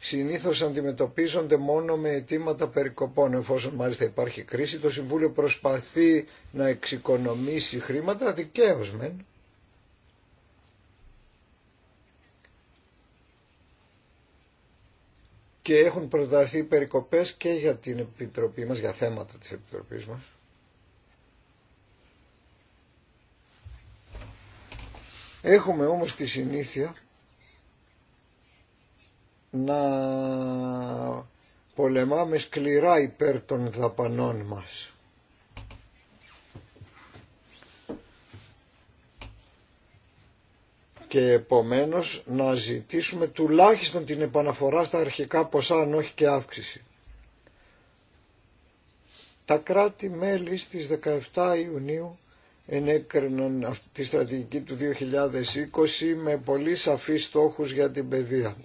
συνήθως αντιμετωπίζονται μόνο με αιτήματα περικοπών. Εφόσον μάλιστα υπάρχει κρίση, το Συμβούλιο προσπαθεί να εξοικονομήσει χρήματα δικαίως μεν. Και έχουν προταθεί περικοπές και για την Επιτροπή μας, για θέματα της Επιτροπής μας. Έχουμε όμως τη συνήθεια να πολεμάμε σκληρά υπέρ των δαπανών μας. Και επομένως να ζητήσουμε τουλάχιστον την επαναφορά στα αρχικά ποσά αν όχι και αύξηση. Τα κράτη-μέλη στις 17 Ιουνίου ενέκριναν αυτή τη στρατηγική του 2020 με πολύ σαφείς στόχους για την παιδεία.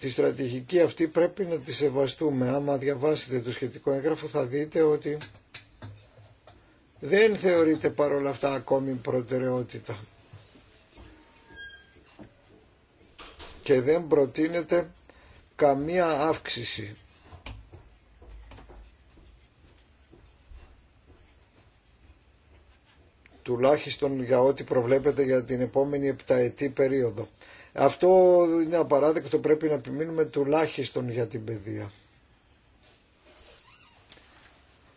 Τη στρατηγική αυτή πρέπει να τη σεβαστούμε. Άμα διαβάσετε το σχετικό έγγραφο θα δείτε ότι δεν θεωρείται παρόλα αυτά ακόμη προτεραιότητα. Και δεν προτείνεται καμία αύξηση. τουλάχιστον για ό,τι προβλέπετε για την επόμενη επταετή περίοδο. Αυτό είναι απαράδεκτο, πρέπει να επιμείνουμε τουλάχιστον για την παιδεία.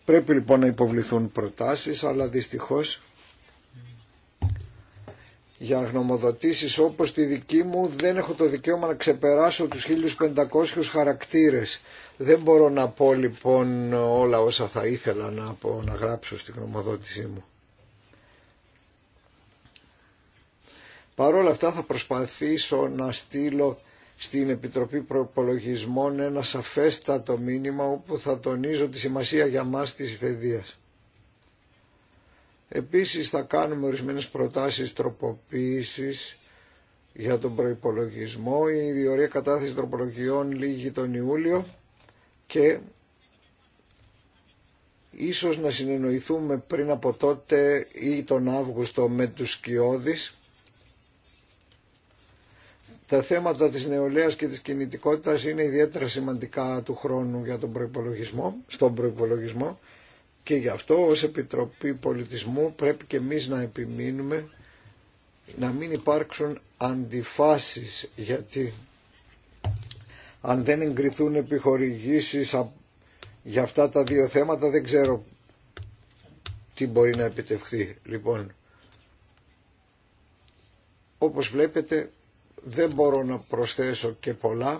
Πρέπει λοιπόν να υποβληθούν προτάσεις, αλλά δυστυχώς για γνωμοδοτήσεις όπως τη δική μου δεν έχω το δικαίωμα να ξεπεράσω τους 1500 χαρακτήρες. Δεν μπορώ να πω λοιπόν όλα όσα θα ήθελα να, να γράψω στη γνωμοδότησή μου. Παρ' όλα αυτά θα προσπαθήσω να στείλω στην Επιτροπή Προπολογισμών ένα σαφέστατο μήνυμα όπου θα τονίζω τη σημασία για μας της παιδείας. Επίσης θα κάνουμε ορισμένες προτάσεις τροποποίησης για τον προϋπολογισμό. Η διορία κατάθεση τροπολογιών λύγει τον Ιούλιο και ίσως να συνεννοηθούμε πριν από τότε ή τον Αύγουστο με τους Σκιώδης τα θέματα της νεολαίας και της κινητικότητας είναι ιδιαίτερα σημαντικά του χρόνου για τον προϋπολογισμό, στον προϋπολογισμό και γι' αυτό ως Επιτροπή Πολιτισμού πρέπει και εμείς να επιμείνουμε να μην υπάρξουν αντιφάσεις γιατί αν δεν εγκριθούν επιχορηγήσεις για αυτά τα δύο θέματα δεν ξέρω τι μπορεί να επιτευχθεί. Λοιπόν, όπως βλέπετε δεν μπορώ να προσθέσω και πολλά.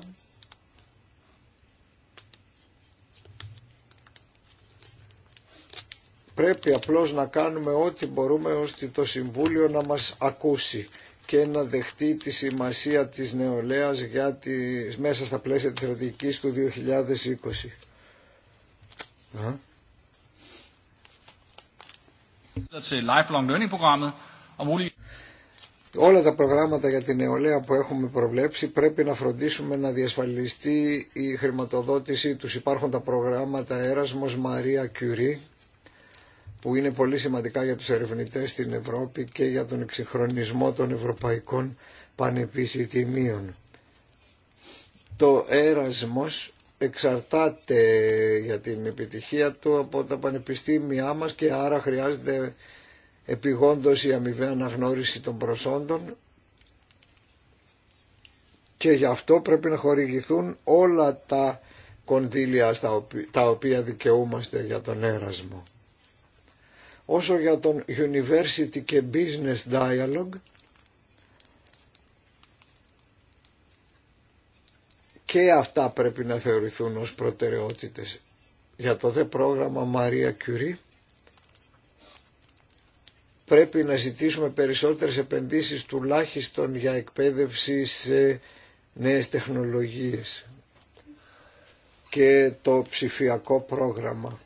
Πρέπει απλώς να κάνουμε ό,τι μπορούμε ώστε το Συμβούλιο να μας ακούσει και να δεχτεί τη σημασία της νεολαίας για μέσα στα πλαίσια της στρατηγικής του 2020 όλα τα προγράμματα για την νεολαία που έχουμε προβλέψει πρέπει να φροντίσουμε να διασφαλιστεί η χρηματοδότησή τους. Υπάρχουν τα προγράμματα Erasmus Μαρία Κιουρί που είναι πολύ σημαντικά για τους ερευνητές στην Ευρώπη και για τον εξυγχρονισμό των ευρωπαϊκών πανεπιστημίων. Το Erasmus εξαρτάται για την επιτυχία του από τα πανεπιστήμια μας και άρα χρειάζεται επιγόντως η αμοιβαία αναγνώριση των προσόντων και γι' αυτό πρέπει να χορηγηθούν όλα τα κονδύλια τα οποία δικαιούμαστε για τον έρασμο. Όσο για τον University και Business Dialogue και αυτά πρέπει να θεωρηθούν ως προτεραιότητες. Για το δε πρόγραμμα Μαρία Κιουρί πρέπει να ζητήσουμε περισσότερες επενδύσεις τουλάχιστον για εκπαίδευση σε νέες τεχνολογίες και το ψηφιακό πρόγραμμα.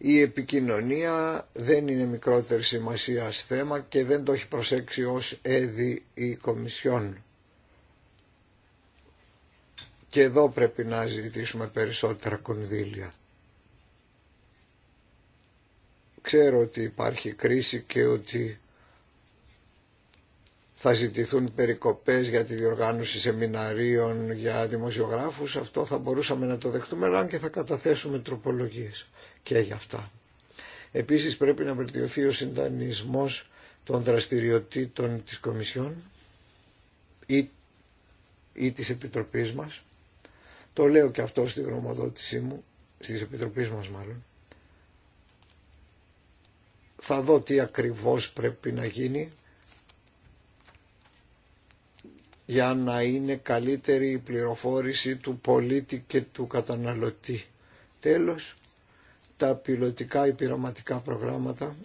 Η επικοινωνία δεν είναι μικρότερη σημασία θέμα και δεν το έχει προσέξει ως έδι η Κομισιόν. Και εδώ πρέπει να ζητήσουμε περισσότερα κονδύλια. Ξέρω ότι υπάρχει κρίση και ότι θα ζητηθούν περικοπές για τη διοργάνωση σεμιναρίων για δημοσιογράφους. Αυτό θα μπορούσαμε να το δεχτούμε, αλλά και θα καταθέσουμε τροπολογίες και για αυτά. Επίσης πρέπει να βελτιωθεί ο συντανισμός των δραστηριοτήτων της Κομισιόν ή, ή της Επιτροπής μας. Το λέω και αυτό στη γνωμοδότησή μου, στις Επιτροπής μας μάλλον. Θα δω τι ακριβώς πρέπει να γίνει για να είναι καλύτερη η πληροφόρηση του πολίτη και του καταναλωτή. Τέλος, τα πιλωτικά ή πειραματικά προγράμματα.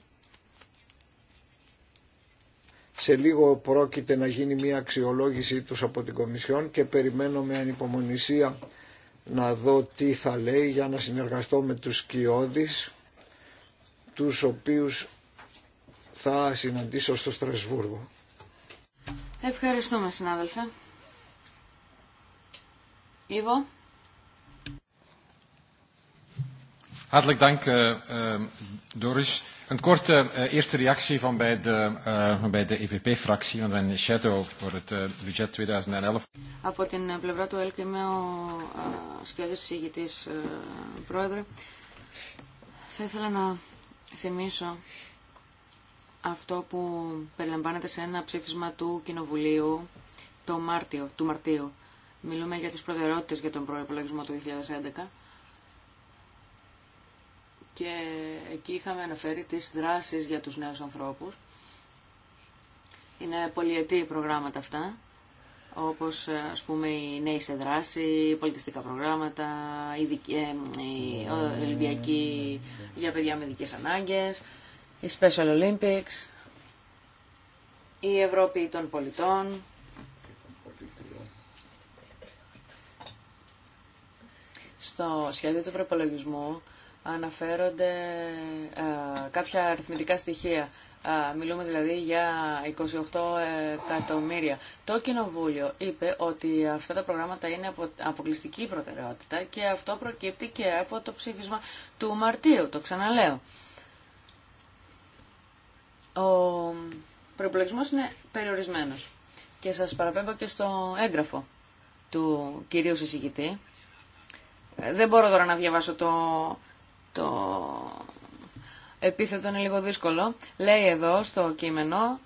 Σε λίγο πρόκειται να γίνει μια αξιολόγηση τους από την Κομισιόν και περιμένω με ανυπομονησία να δω τι θα λέει για να συνεργαστώ με τους κοιόδης τους οποίους θα συναντήσω στο Στρασβούργο. Ευχαριστούμε συνάδελφε. Ήβο. Eh, eh, eh, e Από την πλευρά του ΕΛΚ είμαι ο ε, ε, Θα ήθελα να θυμίσω αυτό που περιλαμβάνεται σε ένα ψήφισμα του Κοινοβουλίου το Μάρτιο, του Μαρτίου. Μιλούμε για τις προτεραιότητες για τον προϋπολογισμό του 2011 και εκεί είχαμε αναφέρει τις δράσεις για τους νέους ανθρώπους. Είναι πολυετή προγράμματα αυτά, όπως ας πούμε οι νέοι σε δράση, πολιτιστικά προγράμματα, η, η ε, για παιδιά με ειδικές ανάγκες, οι Special Olympics, η Ευρώπη των πολιτών. Στο σχέδιο του προπολογισμού αναφέρονται ε, κάποια αριθμητικά στοιχεία. Ε, μιλούμε δηλαδή για 28 εκατομμύρια. Το Κοινοβούλιο είπε ότι αυτά τα προγράμματα είναι απο, αποκλειστική προτεραιότητα και αυτό προκύπτει και από το ψήφισμα του Μαρτίου. Το ξαναλέω. Ο προπολογισμό είναι περιορισμένος. Και σας παραπέμπω και στο έγγραφο του κυρίου συζητητή. Ε, δεν μπορώ τώρα να διαβάσω το, το επίθετο, είναι λίγο δύσκολο. Λέει εδώ στο κείμενο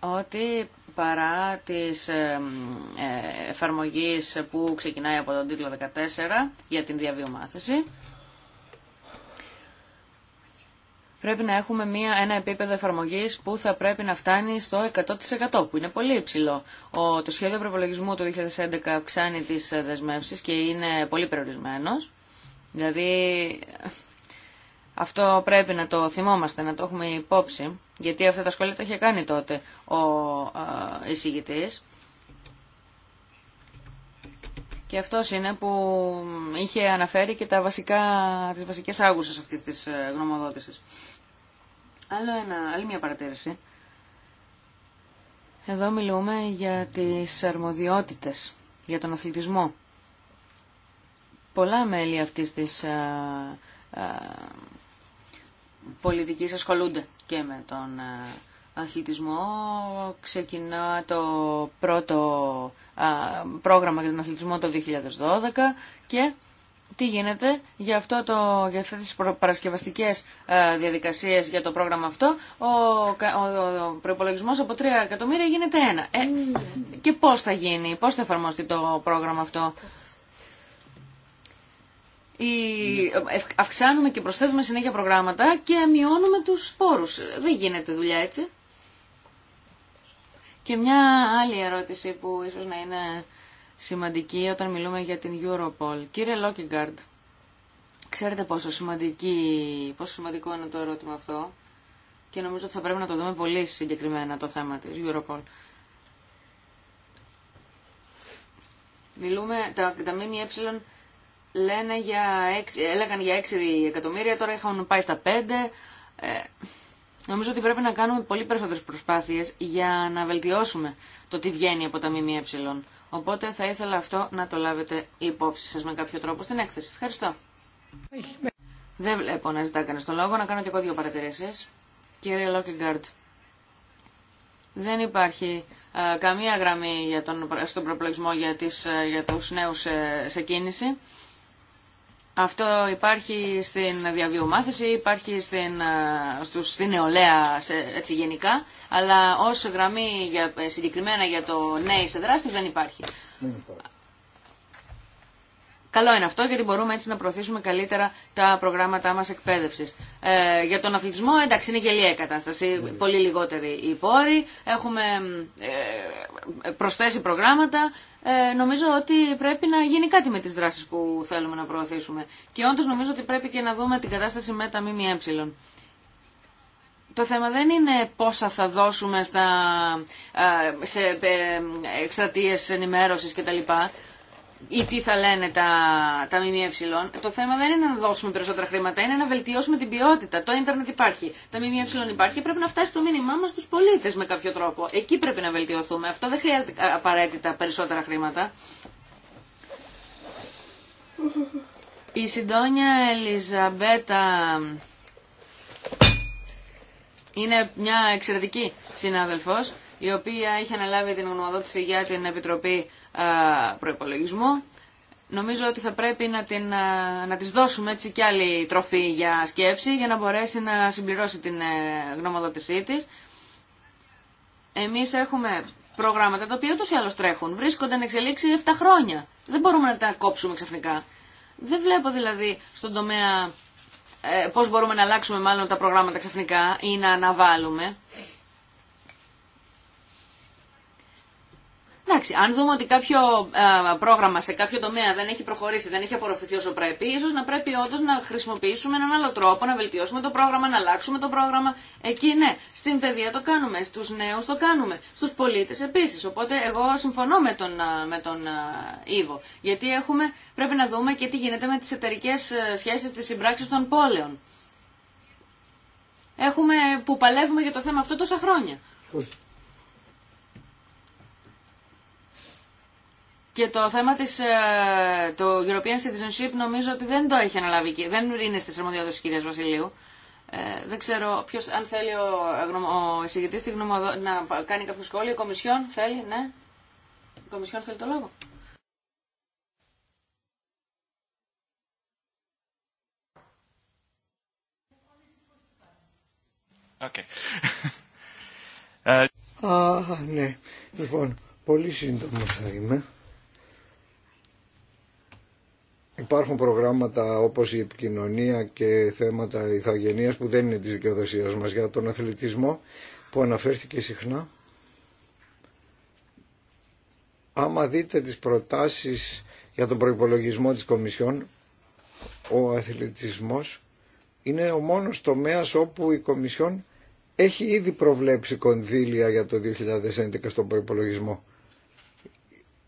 ότι παρά της ε, ε, εφαρμογής που ξεκινάει από τον τίτλο 14 για την διαβιομάθηση, πρέπει να έχουμε μια, ένα επίπεδο εφαρμογής που θα πρέπει να φτάνει στο 100% που είναι πολύ υψηλό. Ο, το σχέδιο προπολογισμού του 2011 αυξάνει τι ε, δεσμεύσει και είναι πολύ περιορισμένο. Δηλαδή αυτό πρέπει να το θυμόμαστε, να το έχουμε υπόψη, γιατί αυτά τα σχόλια τα είχε κάνει τότε ο ε, εισηγητή. Και αυτό είναι που είχε αναφέρει και τα βασικά, τις βασικές άγουσες αυτής της ε, γνωμοδότησης. Άλλο ένα, άλλη μια παρατήρηση. Εδώ μιλούμε για τις αρμοδιότητες, για τον αθλητισμό. Πολλά μέλη αυτής της α, α, πολιτικής ασχολούνται και με τον αθλητισμό. Ξεκινά το πρώτο πρόγραμμα για τον αθλητισμό το 2012 και τι γίνεται για, αυτό το, για αυτές τις παρασκευαστικές ε, διαδικασίες για το πρόγραμμα αυτό. Ο, ο, προϋπολογισμός από 3 εκατομμύρια γίνεται ένα. Ε, και πώς θα γίνει, πώς θα εφαρμοστεί το πρόγραμμα αυτό. Η, αυξάνουμε και προσθέτουμε συνέχεια προγράμματα και μειώνουμε τους σπόρους. Δεν γίνεται δουλειά έτσι. Και μια άλλη ερώτηση που ίσως να είναι σημαντική όταν μιλούμε για την Europol. Κύριε Λόκιγκαρντ, ξέρετε πόσο, σημαντική, πόσο σημαντικό είναι το ερώτημα αυτό και νομίζω ότι θα πρέπει να το δούμε πολύ συγκεκριμένα το θέμα της Europol. Μιλούμε, τα, τα ΜΜΕ λένε για 6, έλεγαν για 6 εκατομμύρια, τώρα είχαν πάει στα 5. Ε, νομίζω ότι πρέπει να κάνουμε πολύ περισσότερες προσπάθειες για να βελτιώσουμε το τι βγαίνει από τα ΜΜΕ. Οπότε θα ήθελα αυτό να το λάβετε υπόψη σας με κάποιο τρόπο στην έκθεση. Ευχαριστώ. Δεν βλέπω να ζητά κανένα τον λόγο, να κάνω και εγώ δύο παρατηρήσει. Κύριε Λόκεγκαρτ, δεν υπάρχει ε, καμία γραμμή για τον, στον προπλογισμό για, τις, ε, για τους νέους σε κίνηση. Αυτό υπάρχει στην διαβιομάθηση, υπάρχει στην, στους, στην νεολαία σε, έτσι γενικά, αλλά ως γραμμή για, ε, συγκεκριμένα για το νέο σε δράση Δεν υπάρχει. Καλό είναι αυτό γιατί μπορούμε έτσι να προωθήσουμε καλύτερα τα προγράμματά μας εκπαίδευση. Ε, για τον αθλητισμό εντάξει είναι γελία η κατάσταση, ναι. πολύ λιγότεροι οι πόροι, έχουμε ε, προσθέσει προγράμματα, ε, νομίζω ότι πρέπει να γίνει κάτι με τις δράσεις που θέλουμε να προωθήσουμε. Και όντω νομίζω ότι πρέπει και να δούμε την κατάσταση με τα ΜΜΕ. Το θέμα δεν είναι πόσα θα δώσουμε στα, ε, σε εκστρατείες ε, ενημέρωσης κτλ ή τι θα λένε τα, τα ΜΜΕ. Το θέμα δεν είναι να δώσουμε περισσότερα χρήματα, είναι να βελτιώσουμε την ποιότητα. Το ίντερνετ υπάρχει, τα ΜΜΕ υπάρχει, πρέπει να φτάσει το μήνυμά μα στου πολίτε με κάποιο τρόπο. Εκεί πρέπει να βελτιωθούμε. Αυτό δεν χρειάζεται απαραίτητα περισσότερα χρήματα. Η συντόνια Ελιζαμπέτα είναι μια εξαιρετική συνάδελφος η οποία έχει αναλάβει την γνωμοδότηση για την Επιτροπή Προπολογισμού. Νομίζω ότι θα πρέπει να, την, να της δώσουμε έτσι κι άλλη τροφή για σκέψη για να μπορέσει να συμπληρώσει την ε, γνωμοδότησή της. Εμείς έχουμε προγράμματα τα οποία ούτως ή άλλως τρέχουν. Βρίσκονται να εξελίξει 7 χρόνια. Δεν μπορούμε να τα κόψουμε ξαφνικά. Δεν βλέπω δηλαδή στον τομέα ε, πώς μπορούμε να αλλάξουμε μάλλον τα προγράμματα ξαφνικά ή να αναβάλουμε. Εντάξει, αν δούμε ότι κάποιο ε, πρόγραμμα σε κάποιο τομέα δεν έχει προχωρήσει, δεν έχει απορροφηθεί όσο πρέπει, ίσω να πρέπει όντω να χρησιμοποιήσουμε έναν άλλο τρόπο, να βελτιώσουμε το πρόγραμμα, να αλλάξουμε το πρόγραμμα. Εκεί ναι, στην παιδεία το κάνουμε, στου νέου το κάνουμε, στου πολίτε επίση. Οπότε εγώ συμφωνώ με τον, ε, με τον ε, Ήβο. Γιατί έχουμε, πρέπει να δούμε και τι γίνεται με τι εταιρικέ σχέσει, τη συμπράξη των πόλεων. Έχουμε που παλεύουμε για το θέμα αυτό τόσα χρόνια. Και το θέμα της, ε, το European Citizenship νομίζω ότι δεν το έχει αναλάβει, δεν είναι στις αρμοδιότητες της κυρίας Βασιλείου. Ε, δεν ξέρω ποιος, αν θέλει ο, ε, ο εισηγητής να κάνει κάποιο σχόλιο, η Κομισιόν θέλει, ναι. Η Κομισιόν θέλει το λόγο. Okay. <laughs> Α, ναι. Λοιπόν, πολύ σύντομο θα είμαι. Υπάρχουν προγράμματα όπως η επικοινωνία και θέματα ηθαγενείας που δεν είναι της δικαιοδοσίας μας για τον αθλητισμό που αναφέρθηκε συχνά. Άμα δείτε τις προτάσεις για τον προϋπολογισμό της Κομισιόν, ο αθλητισμός είναι ο μόνος τομέας όπου η Κομισιόν έχει ήδη προβλέψει κονδύλια για το 2011 στον προϋπολογισμό.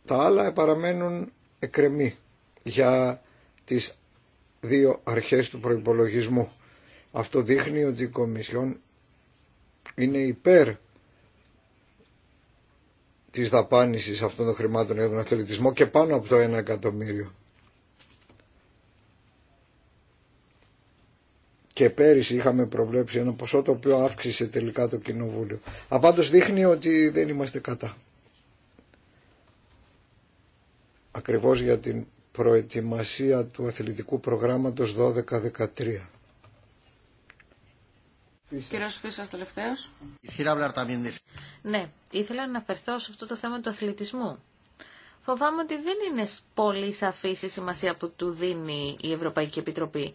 Τα άλλα παραμένουν εκκρεμή για τις δύο αρχές του προϋπολογισμού. Αυτό δείχνει ότι η Κομισιόν είναι υπέρ της δαπάνησης αυτών των χρημάτων για τον αθλητισμό και πάνω από το 1 εκατομμύριο. Και πέρυσι είχαμε προβλέψει ένα ποσό το οποίο αύξησε τελικά το Κοινοβούλιο. Απάντως δείχνει ότι δεν είμαστε κατά. Ακριβώς για την προετοιμασία του αθλητικού προγράμματος 12-13. Κύριος Φύσας, τελευταίος. Ναι, ήθελα να αναφερθώ σε αυτό το θέμα του αθλητισμού. Φοβάμαι ότι δεν είναι πολύ σαφή η σημασία που του δίνει η Ευρωπαϊκή Επιτροπή.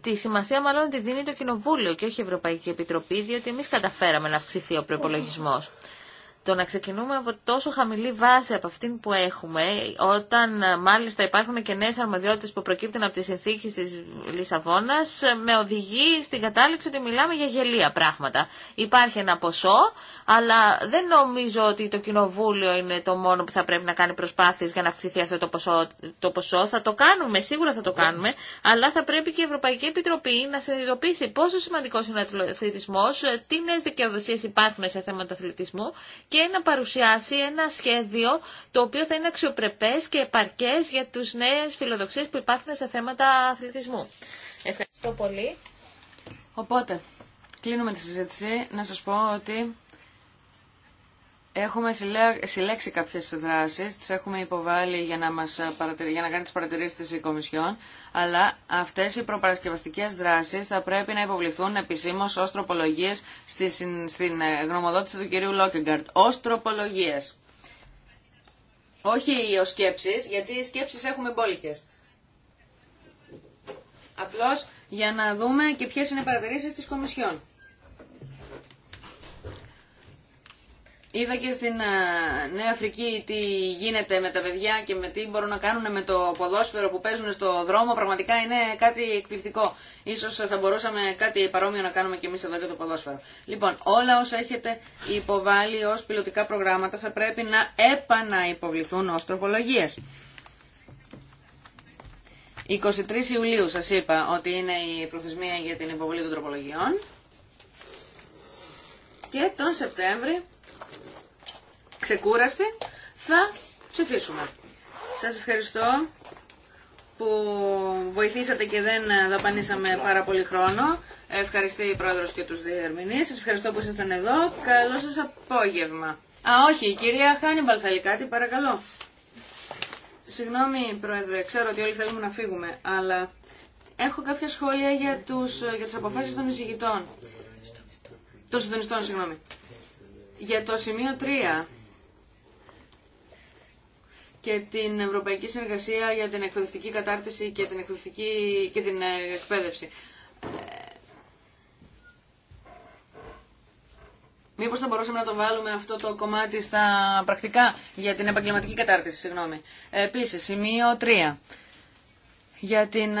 Τη σημασία μάλλον τη δίνει το Κοινοβούλιο και όχι η Ευρωπαϊκή Επιτροπή, διότι εμείς καταφέραμε να αυξηθεί ο προπολογισμό το να ξεκινούμε από τόσο χαμηλή βάση από αυτήν που έχουμε, όταν ε, μάλιστα υπάρχουν και νέε αρμοδιότητε που προκύπτουν από τη συνθήκη τη Λισαβόνα, ε, με οδηγεί στην κατάληξη ότι μιλάμε για γελία πράγματα. Υπάρχει ένα ποσό, αλλά δεν νομίζω ότι το Κοινοβούλιο είναι το μόνο που θα πρέπει να κάνει προσπάθειες για να αυξηθεί αυτό το ποσό. Το ποσό. Θα το κάνουμε, σίγουρα θα το κάνουμε, αλλά θα πρέπει και η Ευρωπαϊκή Επιτροπή να συνειδητοποιήσει πόσο σημαντικό είναι ο αθλητισμό, ε, τι νέε δικαιοδοσίε υπάρχουν σε θέματα αθλητισμού και να παρουσιάσει ένα σχέδιο το οποίο θα είναι αξιοπρεπές και επαρκές για τους νέες φιλοδοξίες που υπάρχουν σε θέματα αθλητισμού. Ευχαριστώ πολύ. Οπότε, κλείνουμε τη συζήτηση να σας πω ότι Έχουμε συλλέξει κάποιες δράσει. τις έχουμε υποβάλει για να, μας ε, για να κάνει παρατηρήσεις της Κομισιόν, αλλά αυτές οι προπαρασκευαστικές δράσει θα πρέπει να υποβληθούν επισήμως ω τροπολογίε στη, στην ε, γνωμοδότηση του κυρίου Λόκεγκαρτ. Ω τροπολογίε. Όχι ω σκέψει, γιατί οι σκέψει έχουμε μπόλικε. Απλώς για να δούμε και ποιε είναι οι παρατηρήσει τη Κομισιόν. Είδα και στην ε, Νέα Αφρική τι γίνεται με τα παιδιά και με τι μπορούν να κάνουν με το ποδόσφαιρο που παίζουν στο δρόμο. Πραγματικά είναι κάτι εκπληκτικό. Ίσως ε, θα μπορούσαμε κάτι παρόμοιο να κάνουμε και εμείς εδώ και το ποδόσφαιρο. Λοιπόν, όλα όσα έχετε υποβάλει ως πιλωτικά προγράμματα θα πρέπει να επαναυποβληθούν ως τροπολογίες. 23 Ιουλίου σας είπα ότι είναι η προθεσμία για την υποβολή των τροπολογιών. Και τον Σεπτέμβρη ξεκούραστη, θα ψηφίσουμε. Σας ευχαριστώ που βοηθήσατε και δεν δαπανίσαμε πάρα πολύ χρόνο. Ευχαριστώ η Πρόεδρος και τους διερμηνείς. Σας ευχαριστώ που ήσασταν εδώ. Καλό σας απόγευμα. Α, όχι, η κυρία Χάνιμπαλ θέλει κάτι, παρακαλώ. Συγγνώμη, Πρόεδρε, ξέρω ότι όλοι θέλουμε να φύγουμε, αλλά έχω κάποια σχόλια για, τους, για τις αποφάσεις των εισηγητών. Των συντονιστών, συγγνώμη. Για το σημείο 3, και την Ευρωπαϊκή Συνεργασία για την Εκπαιδευτική Κατάρτιση και την, εκπαιδευτική... και την ε, Εκπαίδευση. Ε, μήπως θα μπορούσαμε να το βάλουμε αυτό το κομμάτι στα πρακτικά για την επαγγελματική κατάρτιση, συγγνώμη. Ε, επίσης, σημείο 3. Για, την,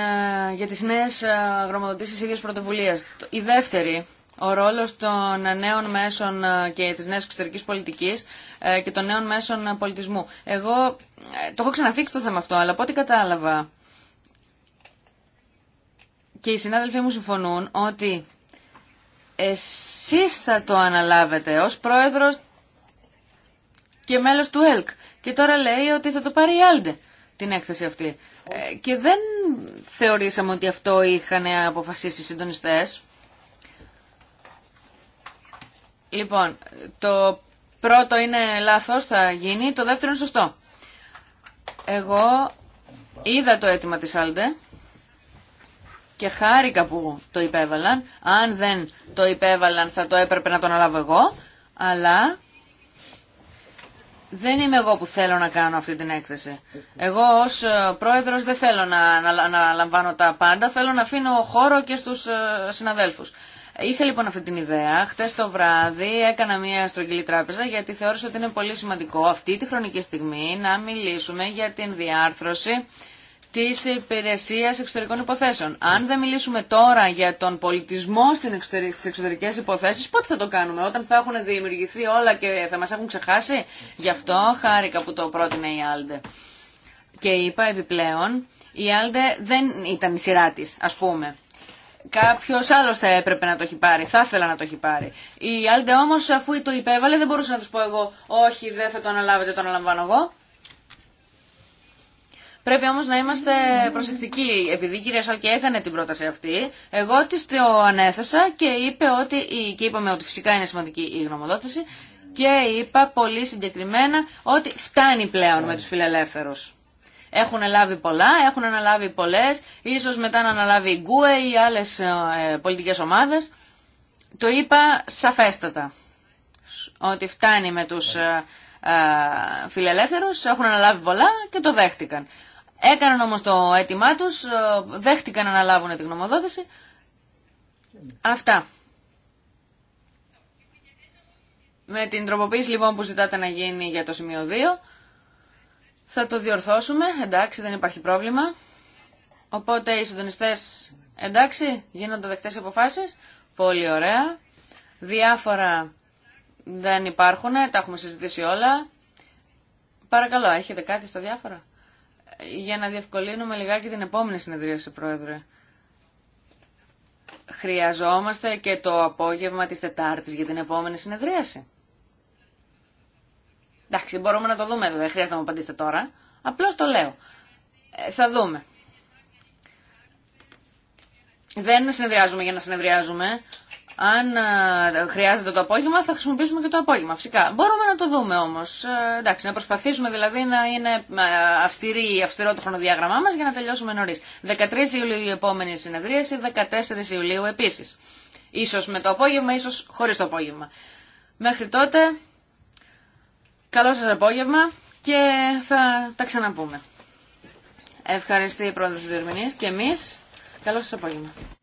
για τις νέες γνωμοδοτήσεις ίδιας πρωτοβουλίας. Η δεύτερη ο ρόλος των νέων μέσων ε, και της νέας εξωτερικής πολιτικής ε, και των νέων μέσων πολιτισμού. Εγώ ε, το έχω ξαναφήξει το θέμα αυτό, αλλά από ό,τι κατάλαβα και οι συνάδελφοί μου συμφωνούν ότι εσείς θα το αναλάβετε ως πρόεδρος και μέλος του ΕΛΚ. Και τώρα λέει ότι θα το πάρει η Άλντε την έκθεση αυτή. Και δεν θεωρήσαμε ότι αυτό είχαν αποφασίσει οι συντονιστές. Λοιπόν, το πρώτο είναι λάθος, θα γίνει, το δεύτερο είναι σωστό. Εγώ είδα το αίτημα της Άλντε και χάρηκα που το υπέβαλαν. Αν δεν το υπέβαλαν θα το έπρεπε να το αναλάβω εγώ, αλλά δεν είμαι εγώ που θέλω να κάνω αυτή την έκθεση. Εγώ ως ε, πρόεδρος δεν θέλω να, να, λαμβάνω τα πάντα, θέλω να αφήνω χώρο και στους ε, συναδέλφους. Είχα λοιπόν αυτή την ιδέα. Χτε το βράδυ έκανα μια στρογγυλή τράπεζα γιατί θεώρησα ότι είναι πολύ σημαντικό αυτή τη χρονική στιγμή να μιλήσουμε για την διάρθρωση τη υπηρεσία εξωτερικών υποθέσεων. Αν δεν μιλήσουμε τώρα για τον πολιτισμό στι εξωτερικέ υποθέσει, πότε θα το κάνουμε, όταν θα έχουν δημιουργηθεί όλα και θα μα έχουν ξεχάσει. Γι' αυτό χάρηκα που το πρότεινε η Άλντε. Και είπα επιπλέον, η Άλντε δεν ήταν η σειρά τη, α πούμε. Κάποιο άλλο θα έπρεπε να το έχει πάρει, θα ήθελα να το έχει πάρει. Η Άλντε όμω, αφού το υπέβαλε, δεν μπορούσα να του πω εγώ, Όχι, δεν θα το αναλάβετε, το αναλαμβάνω εγώ. Πρέπει όμω να είμαστε προσεκτικοί. Επειδή η κυρία Σάλκη έκανε την πρόταση αυτή, εγώ τη το ανέθεσα και, είπε ότι, και είπαμε ότι φυσικά είναι σημαντική η γνωμοδότηση και είπα πολύ συγκεκριμένα ότι φτάνει πλέον με του φιλελεύθερου. Έχουν λάβει πολλά, έχουν αναλάβει πολλέ. ίσως μετά να αναλάβει η Γκουε ή άλλες ε, πολιτικές ομάδες. Το είπα σαφέστατα ότι φτάνει με τους ε, ε, φιλελεύθερους, έχουν αναλάβει πολλά και το δέχτηκαν. Έκαναν όμως το αίτημά τους, δέχτηκαν να αναλάβουν την γνωμοδότηση. Αυτά. Με την τροποποίηση λοιπόν που ζητάτε να γίνει για το σημείο 2, θα το διορθώσουμε, εντάξει, δεν υπάρχει πρόβλημα. Οπότε οι συντονιστέ, εντάξει, γίνονται δεκτέ αποφάσει. Πολύ ωραία. Διάφορα δεν υπάρχουν, ε, τα έχουμε συζητήσει όλα. Παρακαλώ, έχετε κάτι στα διάφορα. Για να διευκολύνουμε λιγάκι την επόμενη συνεδρίαση, Πρόεδρε. Χρειαζόμαστε και το απόγευμα της Τετάρτης για την επόμενη συνεδρίαση. Εντάξει, μπορούμε να το δούμε, δεν χρειάζεται να μου απαντήσετε τώρα. Απλώς το λέω. Ε, θα δούμε. Δεν συνεδριάζουμε για να συνεδριάζουμε. Αν ε, χρειάζεται το απόγευμα, θα χρησιμοποιήσουμε και το απόγευμα, φυσικά. Μπορούμε να το δούμε όμως. Ε, εντάξει, να προσπαθήσουμε δηλαδή να είναι ε, αυστηρή, αυστηρό το χρονοδιάγραμμά μας για να τελειώσουμε νωρί. 13 Ιουλίου η επόμενη συνεδρίαση, 14 Ιουλίου επίση. Ίσως με το απόγευμα, ίσω χωρί το απόγευμα. Μέχρι τότε Καλό σας απόγευμα και θα τα ξαναπούμε. Ευχαριστή η πρόεδρος της και εμείς. Καλό σας απόγευμα.